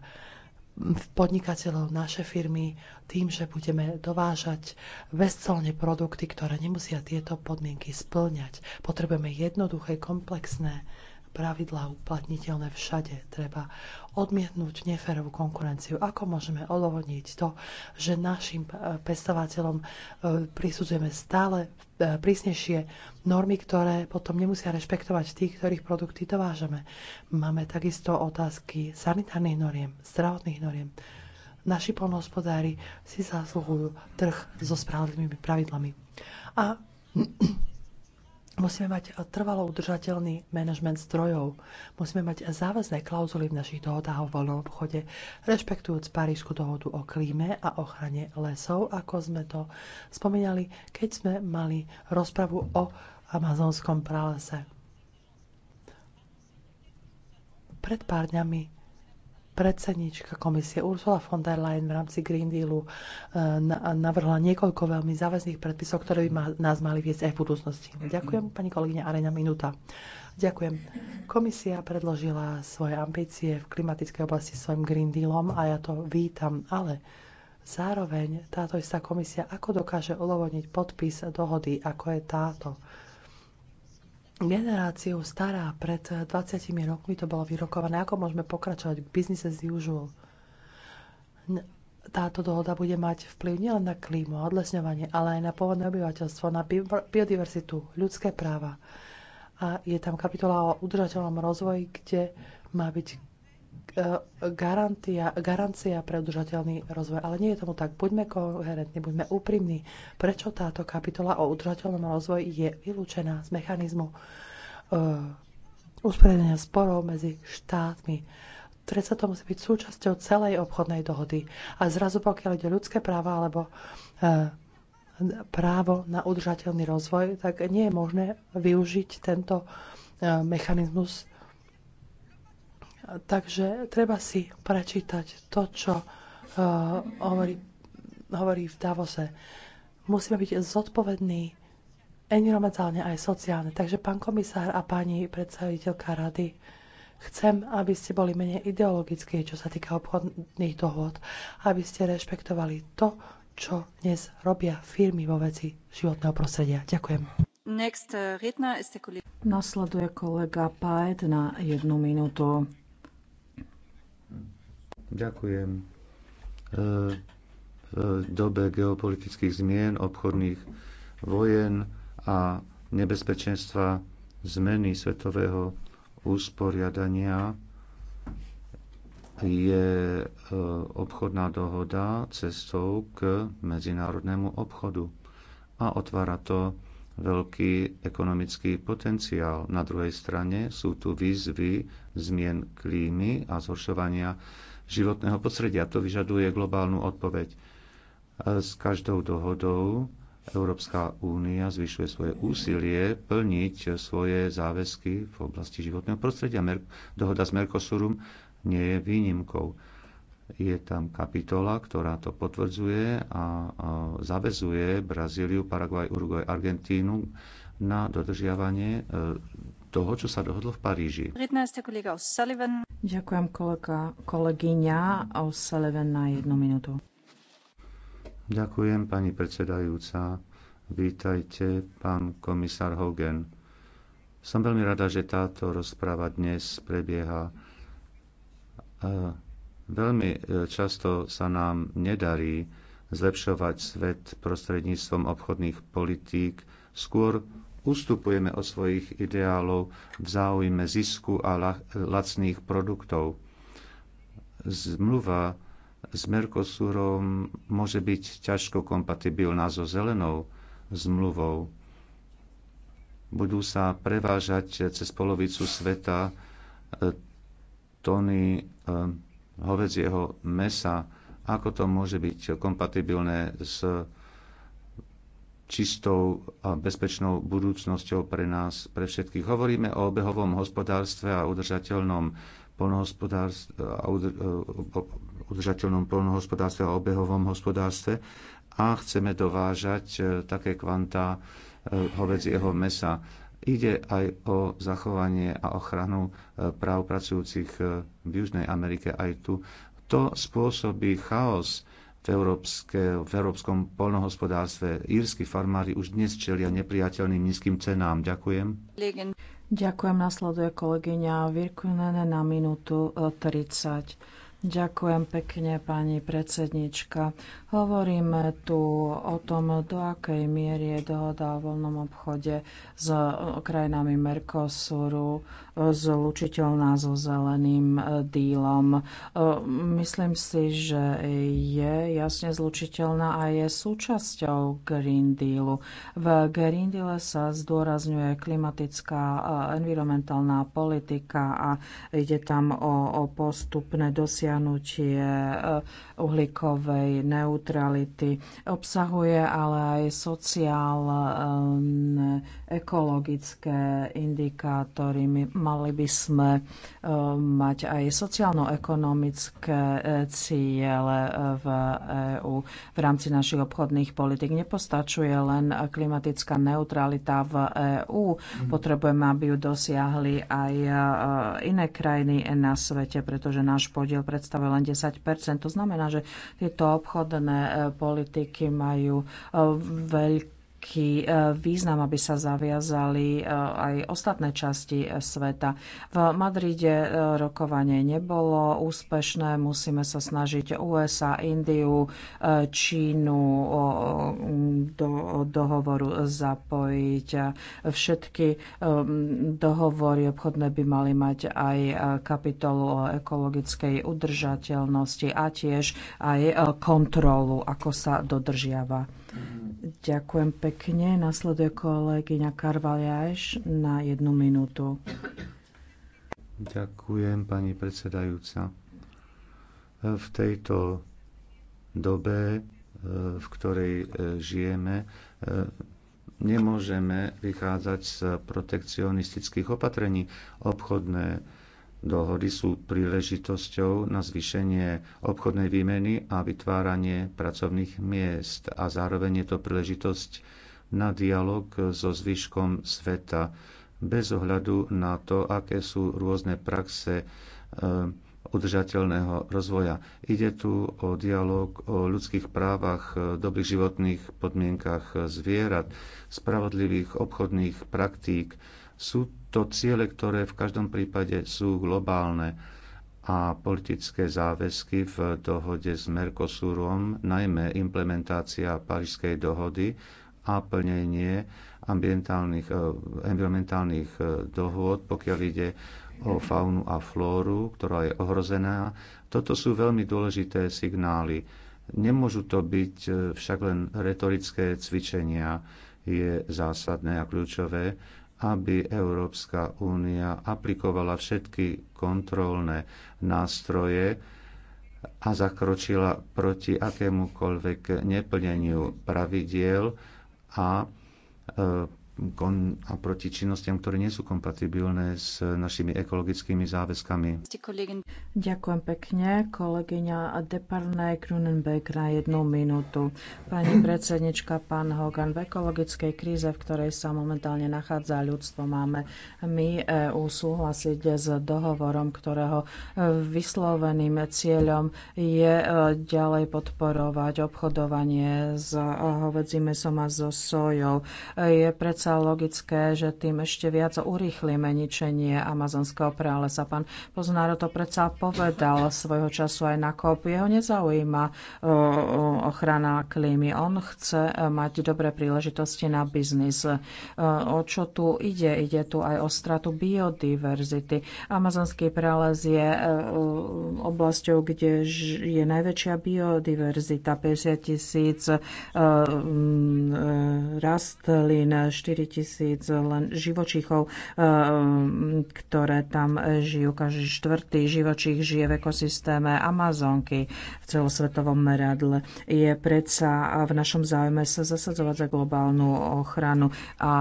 podnikateľov, naše firmy tým, že budeme dovážať bezcelne produkty, ktoré nemusia tieto podmienky splňať. Potrebujeme jednoduché, komplexné pravidlá uplatniteľné všade. Treba odmietnúť neférovú konkurenciu. Ako môžeme odôvodniť to, že našim eh, pestovateľom eh, prisudzujeme stále eh, prísnejšie normy, ktoré potom nemusia rešpektovať tých, ktorých produkty dovážame. Máme takisto otázky sanitárnych noriem, zdravotných noriem. Naši polnohospodári si zaslúhujú trh so spravodlivými pravidlami. A Musíme mať trvalo udržateľný manažment zdrojov. Musíme mať záväzné klauzuly v našich dohodách o voľnom obchode, rešpektujúc Parížskú dohodu o klíme a ochrane lesov, ako sme to spomínali, keď sme mali rozpravu o amazonskom pralese. Pred pár dňami predsednička komisie Ursula von der Leyen v rámci Green Dealu e, navrhla niekoľko veľmi záväzných predpisov, ktoré by nás mali viesť aj v budúcnosti. Ďakujem, pani kolegyňa Arena Minúta. Ďakujem. Komisia predložila svoje ambície v klimatickej oblasti svojim Green Dealom a ja to vítam, ale zároveň táto istá komisia ako dokáže ulovodniť podpis dohody, ako je táto generáciou stará pred 20 rokmi to bolo vyrokované. Ako môžeme pokračovať v business as usual? Táto dohoda bude mať vplyv nielen na klímu a odlesňovanie, ale aj na pôvodné obyvateľstvo, na biodiverzitu, ľudské práva. A je tam kapitola o udržateľnom rozvoji, kde má byť Eh, garantia, garancia pre udržateľný rozvoj. Ale nie je tomu tak. Buďme koherentní, buďme úprimní. Prečo táto kapitola o udržateľnom rozvoji je vylúčená z mechanizmu uh, usporiadania sporov medzi štátmi? Predsa to musí byť súčasťou celej obchodnej dohody. A zrazu pokiaľ ide ľudské práva alebo eh, právo na udržateľný rozvoj, tak nie je možné využiť tento mechanizmus Takže treba si prečítať to, čo uh, hovorí, hovorí v Davose. Musíme byť zodpovední environmentálne aj sociálne. Takže pán komisár a pani predstaviteľka rady, Chcem, aby ste boli menej ideologickí, čo sa týka obchodných dohod, aby ste rešpektovali to, čo dnes robia firmy vo veci životného prostredia. Ďakujem. Next, uh, Nasleduje kolega Paet na jednu minútu. Ďakujem. E, e, v dobe geopolitických zmien, obchodných vojen a nebezpečenstva zmeny svetového usporiadania je e, obchodná dohoda cestou k medzinárodnému obchodu a otvára to veľký ekonomický potenciál. Na druhej strane sú tu výzvy zmien klímy a zhoršovania životného prostredia. To vyžaduje globálnu odpoveď. S každou dohodou Európska únia zvyšuje svoje úsilie plniť svoje záväzky v oblasti životného prostredia. Dohoda s Mercosurom nie je výnimkou. Je tam kapitola, ktorá to potvrdzuje a zavezuje Brazíliu, Paraguaj, Uruguay, Argentínu na dodržiavanie e, toho, čo sa dohodlo v Paríži. Ďakujem kolega, kolegyňa O'Sullivan na jednu minútu. Ďakujem pani predsedajúca. Vítajte, pán komisár Hogan. Som veľmi rada, že táto rozpráva dnes prebieha. Veľmi e, často sa nám nedarí zlepšovať svet prostredníctvom obchodných politík, skôr ustupujeme od svojich ideálov v záujme zisku a lacných produktov. Zmluva s Mercosurom môže byť ťažko kompatibilná so zelenou zmluvou. Budú sa prevážať cez polovicu sveta e, tony e, hovedzieho mesa. Ako to môže byť kompatibilné s čistou a bezpečnou budúcnosťou pre nás, pre všetkých. Hovoríme o obehovom hospodárstve a udržateľnom polnohospodárstve a e, udržateľnom polnohospodárstve a obehovom hospodárstve a chceme dovážať e, také kvantá e, hovedzieho mesa. Ide aj o zachovanie a ochranu práv pracujúcich v Južnej Amerike aj tu. To spôsobí chaos v, európske, v európskom polnohospodárstve. Írsky farmári už dnes čelia nepriateľným nízkym cenám. Ďakujem. Ďakujem. Nasleduje kolegyňa Virkunene na minútu 30. Eh, Ďakujem pekne, pani predsednička. Hovoríme tu o tom, do akej miery je dohoda o voľnom obchode s krajinami Mercosuru zlučiteľná so zeleným dílom. Myslím si, že je jasne zlučiteľná a je súčasťou Green Dealu. V Green Deale sa zdôrazňuje klimatická environmentálna politika a ide tam o, o postupné dosiahnutie dosiahnutie e, uhlíkovej neutrality. Obsahuje ale aj sociálne, ekologické indikátory. My mali by sme e, mať aj sociálno-ekonomické e, ciele v EÚ v rámci našich obchodných politik. Nepostačuje len klimatická neutralita v EÚ. Mhm. Potrebujeme, aby ju dosiahli aj iné krajiny na svete, pretože náš podiel predstavuje len 10 To znamená, že tieto obchodné eh, politiky majú eh, veľké taký e, význam, aby sa zaviazali e, aj ostatné časti e, sveta. V Madride rokovanie nebolo úspešné, musíme sa snažiť USA, Indiu, Čínu do dohovoru zapojiť. Všetky dohovory obchodné by mali mať aj kapitolu o ekologickej udržateľnosti a tiež aj kontrolu, ako sa dodržiava. Mm-hmm. Ďakujem pekne. Nasleduje kolegyňa Karvaliáš na jednu minútu. Ďakujem, pani predsedajúca. V tejto dobe, e, v ktorej e, žijeme, e, nemôžeme vychádzať z protekcionistických opatrení. Obchodné Dohody sú príležitosťou na zvýšenie obchodnej výmeny a vytváranie pracovných miest a zároveň je to príležitosť na dialog so zvyškom sveta bez ohľadu na to, aké sú rôzne praxe e, udržateľného rozvoja. Ide tu o dialog o ľudských právach, e, dobrých životných podmienkach e, zvierat, spravodlivých obchodných praktík, sú to ciele, ktoré v každom prípade sú globálne a politické záväzky v dohode s Mercosurom, najmä implementácia Parížskej dohody a plnenie ambientálnych, eh, environmentálnych eh, dohôd, pokiaľ ide o faunu a flóru, ktorá je ohrozená. Toto sú veľmi dôležité signály. Nemôžu to byť eh, však len retorické cvičenia. Je zásadné a kľúčové, aby Európska únia aplikovala všetky kontrolné nástroje a zakročila proti akémukoľvek neplneniu pravidiel a e, a proti činnostiam, ktoré nie sú kompatibilné s našimi ekologickými záväzkami. Ďakujem pekne, kolegyňa Deparné Krunenbeck na jednu minútu. Pani predsednička, pán Hogan, v ekologickej kríze, v ktorej sa momentálne nachádza ľudstvo, máme my EU súhlasiť s dohovorom, ktorého vysloveným cieľom je e, ďalej podporovať obchodovanie s e, hovedzím mesom a so sojou. E, je pred predsa logické, že tým ešte viac urýchlíme ničenie amazonského pralesa. Pán Poznáro to predsa povedal svojho času aj na kop. Jeho nezaujíma e, ochrana klímy. On chce e, mať dobré príležitosti na biznis. E, o čo tu ide? Ide tu aj o stratu biodiverzity. Amazonský prales je oblasťou, kde je najväčšia biodiverzita. 50 tisíc rastlín, 4 tisíc len živočíchov, eh, ktoré tam žijú. Každý štvrtý živočích žije v ekosystéme Amazonky v celosvetovom meradle. Je predsa v našom záujme sa zasadzovať za globálnu ochranu a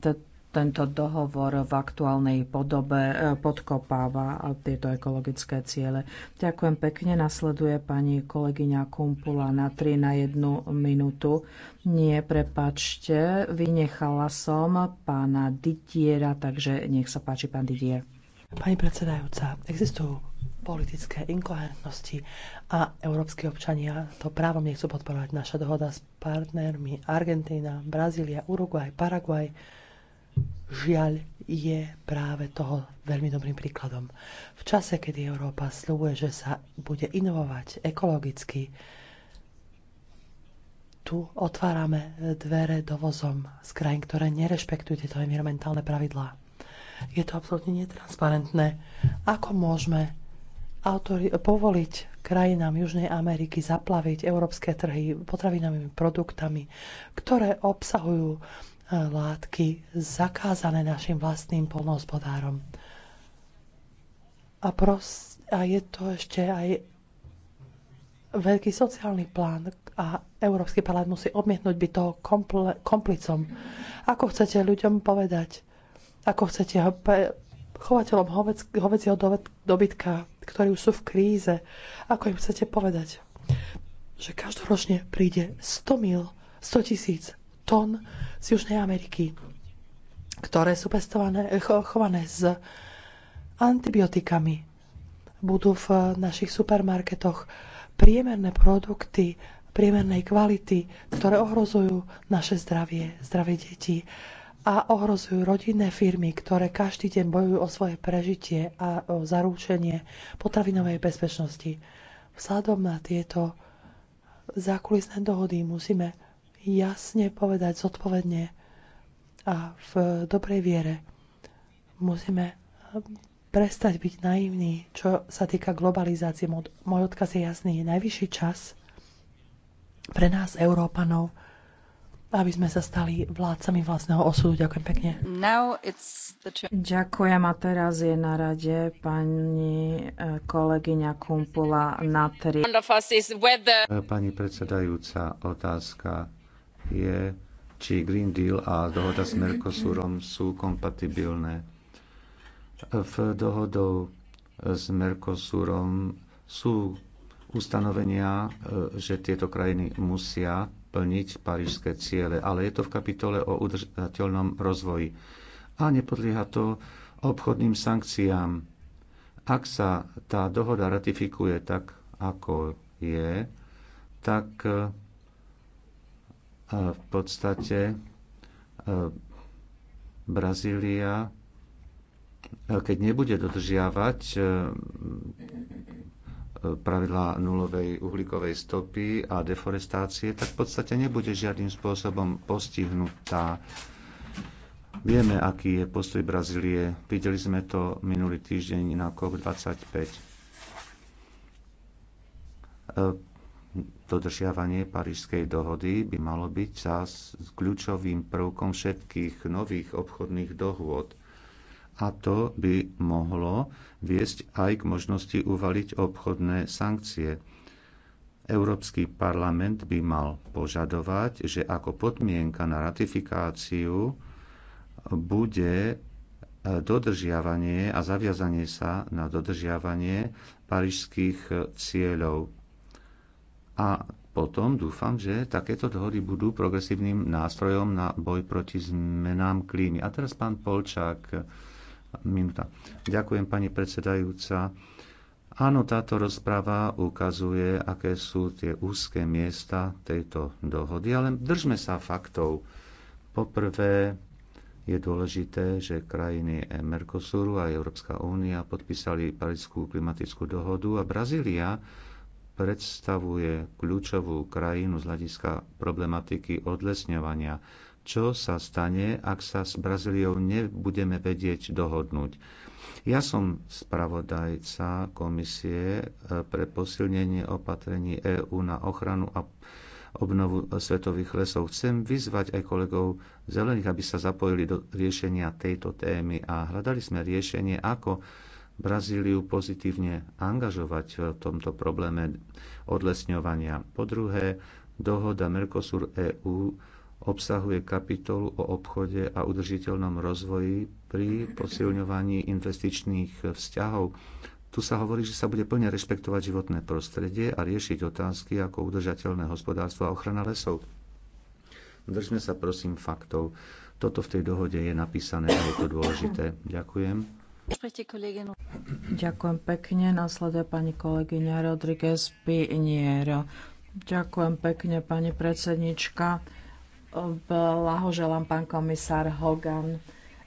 teda tento dohovor v aktuálnej podobe e, podkopáva tieto ekologické ciele. Ďakujem pekne. Nasleduje pani kolegyňa Kumpula na 3 na 1 minútu. Nie, prepačte, vynechala som pána Didiera, takže nech sa páči pán Didier. Pani predsedajúca, existujú politické inkoherentnosti a európsky občania to právom nechcú podporovať. Naša dohoda s partnermi Argentína, Brazília, Uruguay, Paraguay žiaľ je práve toho veľmi dobrým príkladom. V čase, kedy Európa slúbuje, že sa bude inovovať ekologicky, tu otvárame dvere dovozom z krajín, ktoré nerešpektujú tieto environmentálne pravidlá. Je to absolútne netransparentné. Ako môžeme autori- povoliť krajinám Južnej Ameriky zaplaviť európske trhy potravinovými produktami, ktoré obsahujú látky zakázané našim vlastným polnohospodárom. A, pros, a je to ešte aj veľký sociálny plán a Európsky parlament musí odmietnúť by toho komple, komplicom. Ako chcete ľuďom povedať? Ako chcete chovateľom hovec, hovecieho dobytka, ktorí už sú v kríze, ako im chcete povedať, že každoročne príde 100 mil, 100 tisíc tón z Južnej Ameriky, ktoré sú pestované, eh, chované s antibiotikami. Budú v eh, našich supermarketoch priemerné produkty priemernej kvality, ktoré ohrozujú naše zdravie, zdravie detí a ohrozujú rodinné firmy, ktoré každý deň bojujú o svoje prežitie a o zaručenie potravinovej bezpečnosti. Vzhľadom na tieto zákulisné dohody musíme jasne povedať zodpovedne a v dobrej viere. Musíme eh, prestať byť naivní, čo sa týka globalizácie. Môj odkaz je jasný. Je najvyšší čas pre nás, Európanov, aby sme sa stali vládcami vlastného osudu. Ďakujem pekne. Ďakujem a teraz je na rade pani eh, kolegyňa Kumpula na tri. Eh, pani predsedajúca, otázka je, či Green Deal a dohoda s Mercosurom sú kompatibilné. V dohodou s Mercosurom sú ustanovenia, že tieto krajiny musia plniť parížské ciele, ale je to v kapitole o udržateľnom rozvoji. A nepodlieha to obchodným sankciám. Ak sa tá dohoda ratifikuje tak, ako je, tak v podstate e, Brazília, e, keď nebude dodržiavať e, pravidlá nulovej uhlíkovej stopy a deforestácie, tak v podstate nebude žiadnym spôsobom postihnutá. Vieme, aký je postoj Brazílie. Videli sme to minulý týždeň na COP25 Dodržiavanie Parížskej dohody by malo byť s kľúčovým prvkom všetkých nových obchodných dohôd. A to by mohlo viesť aj k možnosti uvaliť obchodné sankcie. Európsky parlament by mal požadovať, že ako podmienka na ratifikáciu bude eh, dodržiavanie a zaviazanie sa na dodržiavanie parížských cieľov a potom dúfam, že takéto dohody budú progresívnym nástrojom na boj proti zmenám klímy. A teraz pán Polčák, minúta. Ďakujem, pani predsedajúca. Áno, táto rozprava ukazuje, aké sú tie úzke miesta tejto dohody, ale držme sa faktov. Poprvé, je dôležité, že krajiny Mercosuru a Európska únia podpísali Parískú klimatickú dohodu a Brazília predstavuje kľúčovú krajinu z hľadiska problematiky odlesňovania. Čo sa stane, ak sa s Brazíliou nebudeme vedieť dohodnúť? Ja som spravodajca Komisie eh, pre posilnenie opatrení EÚ na ochranu a obnovu svetových lesov. Chcem vyzvať aj kolegov zelených, aby sa zapojili do riešenia tejto témy a hľadali sme riešenie, ako Brazíliu pozitívne angažovať v tomto probléme odlesňovania. Po druhé, dohoda Mercosur EU obsahuje kapitolu o obchode a udržiteľnom rozvoji pri posilňovaní investičných vzťahov. Tu sa hovorí, že sa bude plne rešpektovať životné prostredie a riešiť otázky ako udržateľné hospodárstvo a ochrana lesov. Držme sa prosím faktov. Toto v tej dohode je napísané a je to dôležité. Ďakujem. Ďakujem pekne. následuje pani kolegyňa Rodriguez Piniero. Ďakujem pekne, pani predsednička. Blahoželám, pán komisár Hogan.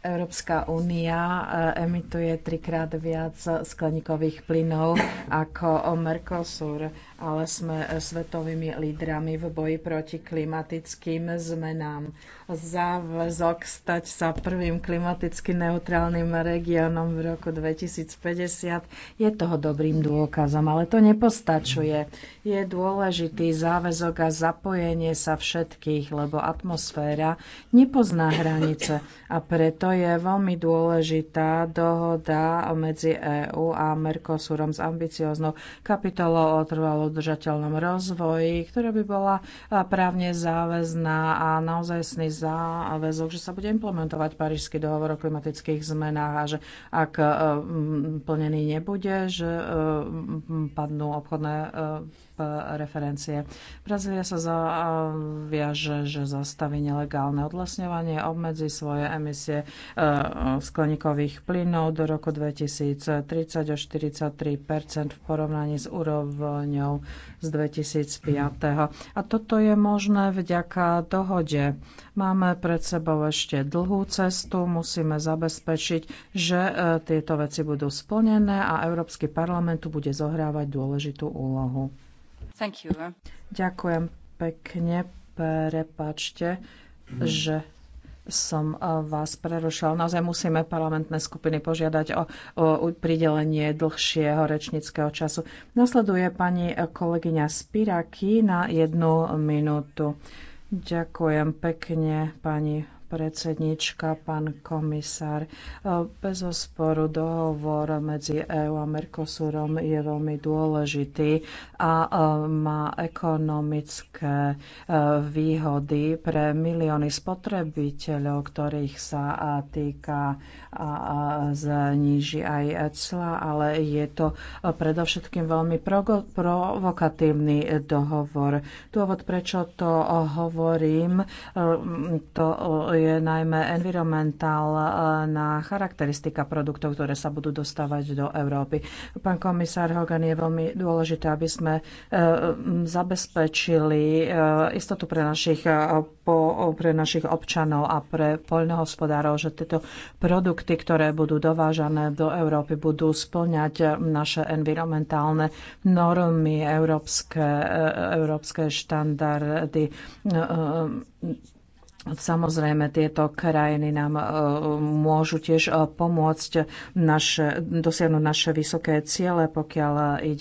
Európska únia eh, emituje trikrát viac skleníkových plynov ako Mercosur ale sme svetovými lídrami v boji proti klimatickým zmenám. Záväzok stať sa prvým klimaticky neutrálnym regiónom v roku 2050 je toho dobrým dôkazom, ale to nepostačuje. Je dôležitý záväzok a zapojenie sa všetkých, lebo atmosféra nepozná hranice a preto je veľmi dôležitá dohoda medzi EÚ a Mercosurom s ambicióznou kapitolou o trvalo o udržateľnom rozvoji, ktorá by bola právne záväzná a naozaj sný záväzok, že sa bude implementovať Parížský dohovor o klimatických zmenách a že ak e, plnený nebude, že e, padnú obchodné e, referencie. Brazília sa zaviaže, že zastaví nelegálne odlesňovanie, obmedzi svoje emisie e, skleníkových plynov do roku 2030 o 43 v porovnaní s úrovňou z 2005. A toto je možné vďaka dohode. Máme pred sebou ešte dlhú cestu, musíme zabezpečiť, že e, tieto veci budú splnené a Európsky parlament tu bude zohrávať dôležitú úlohu. Ďakujem pekne. Prepačte, že som eh, vás prerušil. Naozaj musíme parlamentné skupiny požiadať o, o pridelenie dlhšieho rečníckého času. Nasleduje pani eh, kolegyňa Spiraky na jednu minútu. Ďakujem pekne, pani predsednička, pán komisár. E, Bez osporu dohovor medzi EÚ a Mercosurom je veľmi dôležitý a e, má ekonomické e, výhody pre milióny spotrebiteľov, ktorých sa týka a zniží aj cla, ale je to predovšetkým veľmi provokatívny dohovor. Dôvod, prečo to hovorím, to je najmä environmentálna e, charakteristika produktov, ktoré sa budú dostávať do Európy. Pán komisár Hogan, je veľmi dôležité, aby sme e, zabezpečili e, istotu pre našich, pre našich občanov a pre poľnohospodárov, že tieto produkty, ktoré budú dovážané do Európy, budú splňať naše environmentálne normy, európske, európske štandardy Samozrejme, tieto krajiny nám e, môžu tiež e, pomôcť naše, dosiahnuť naše vysoké ciele, pokiaľ ide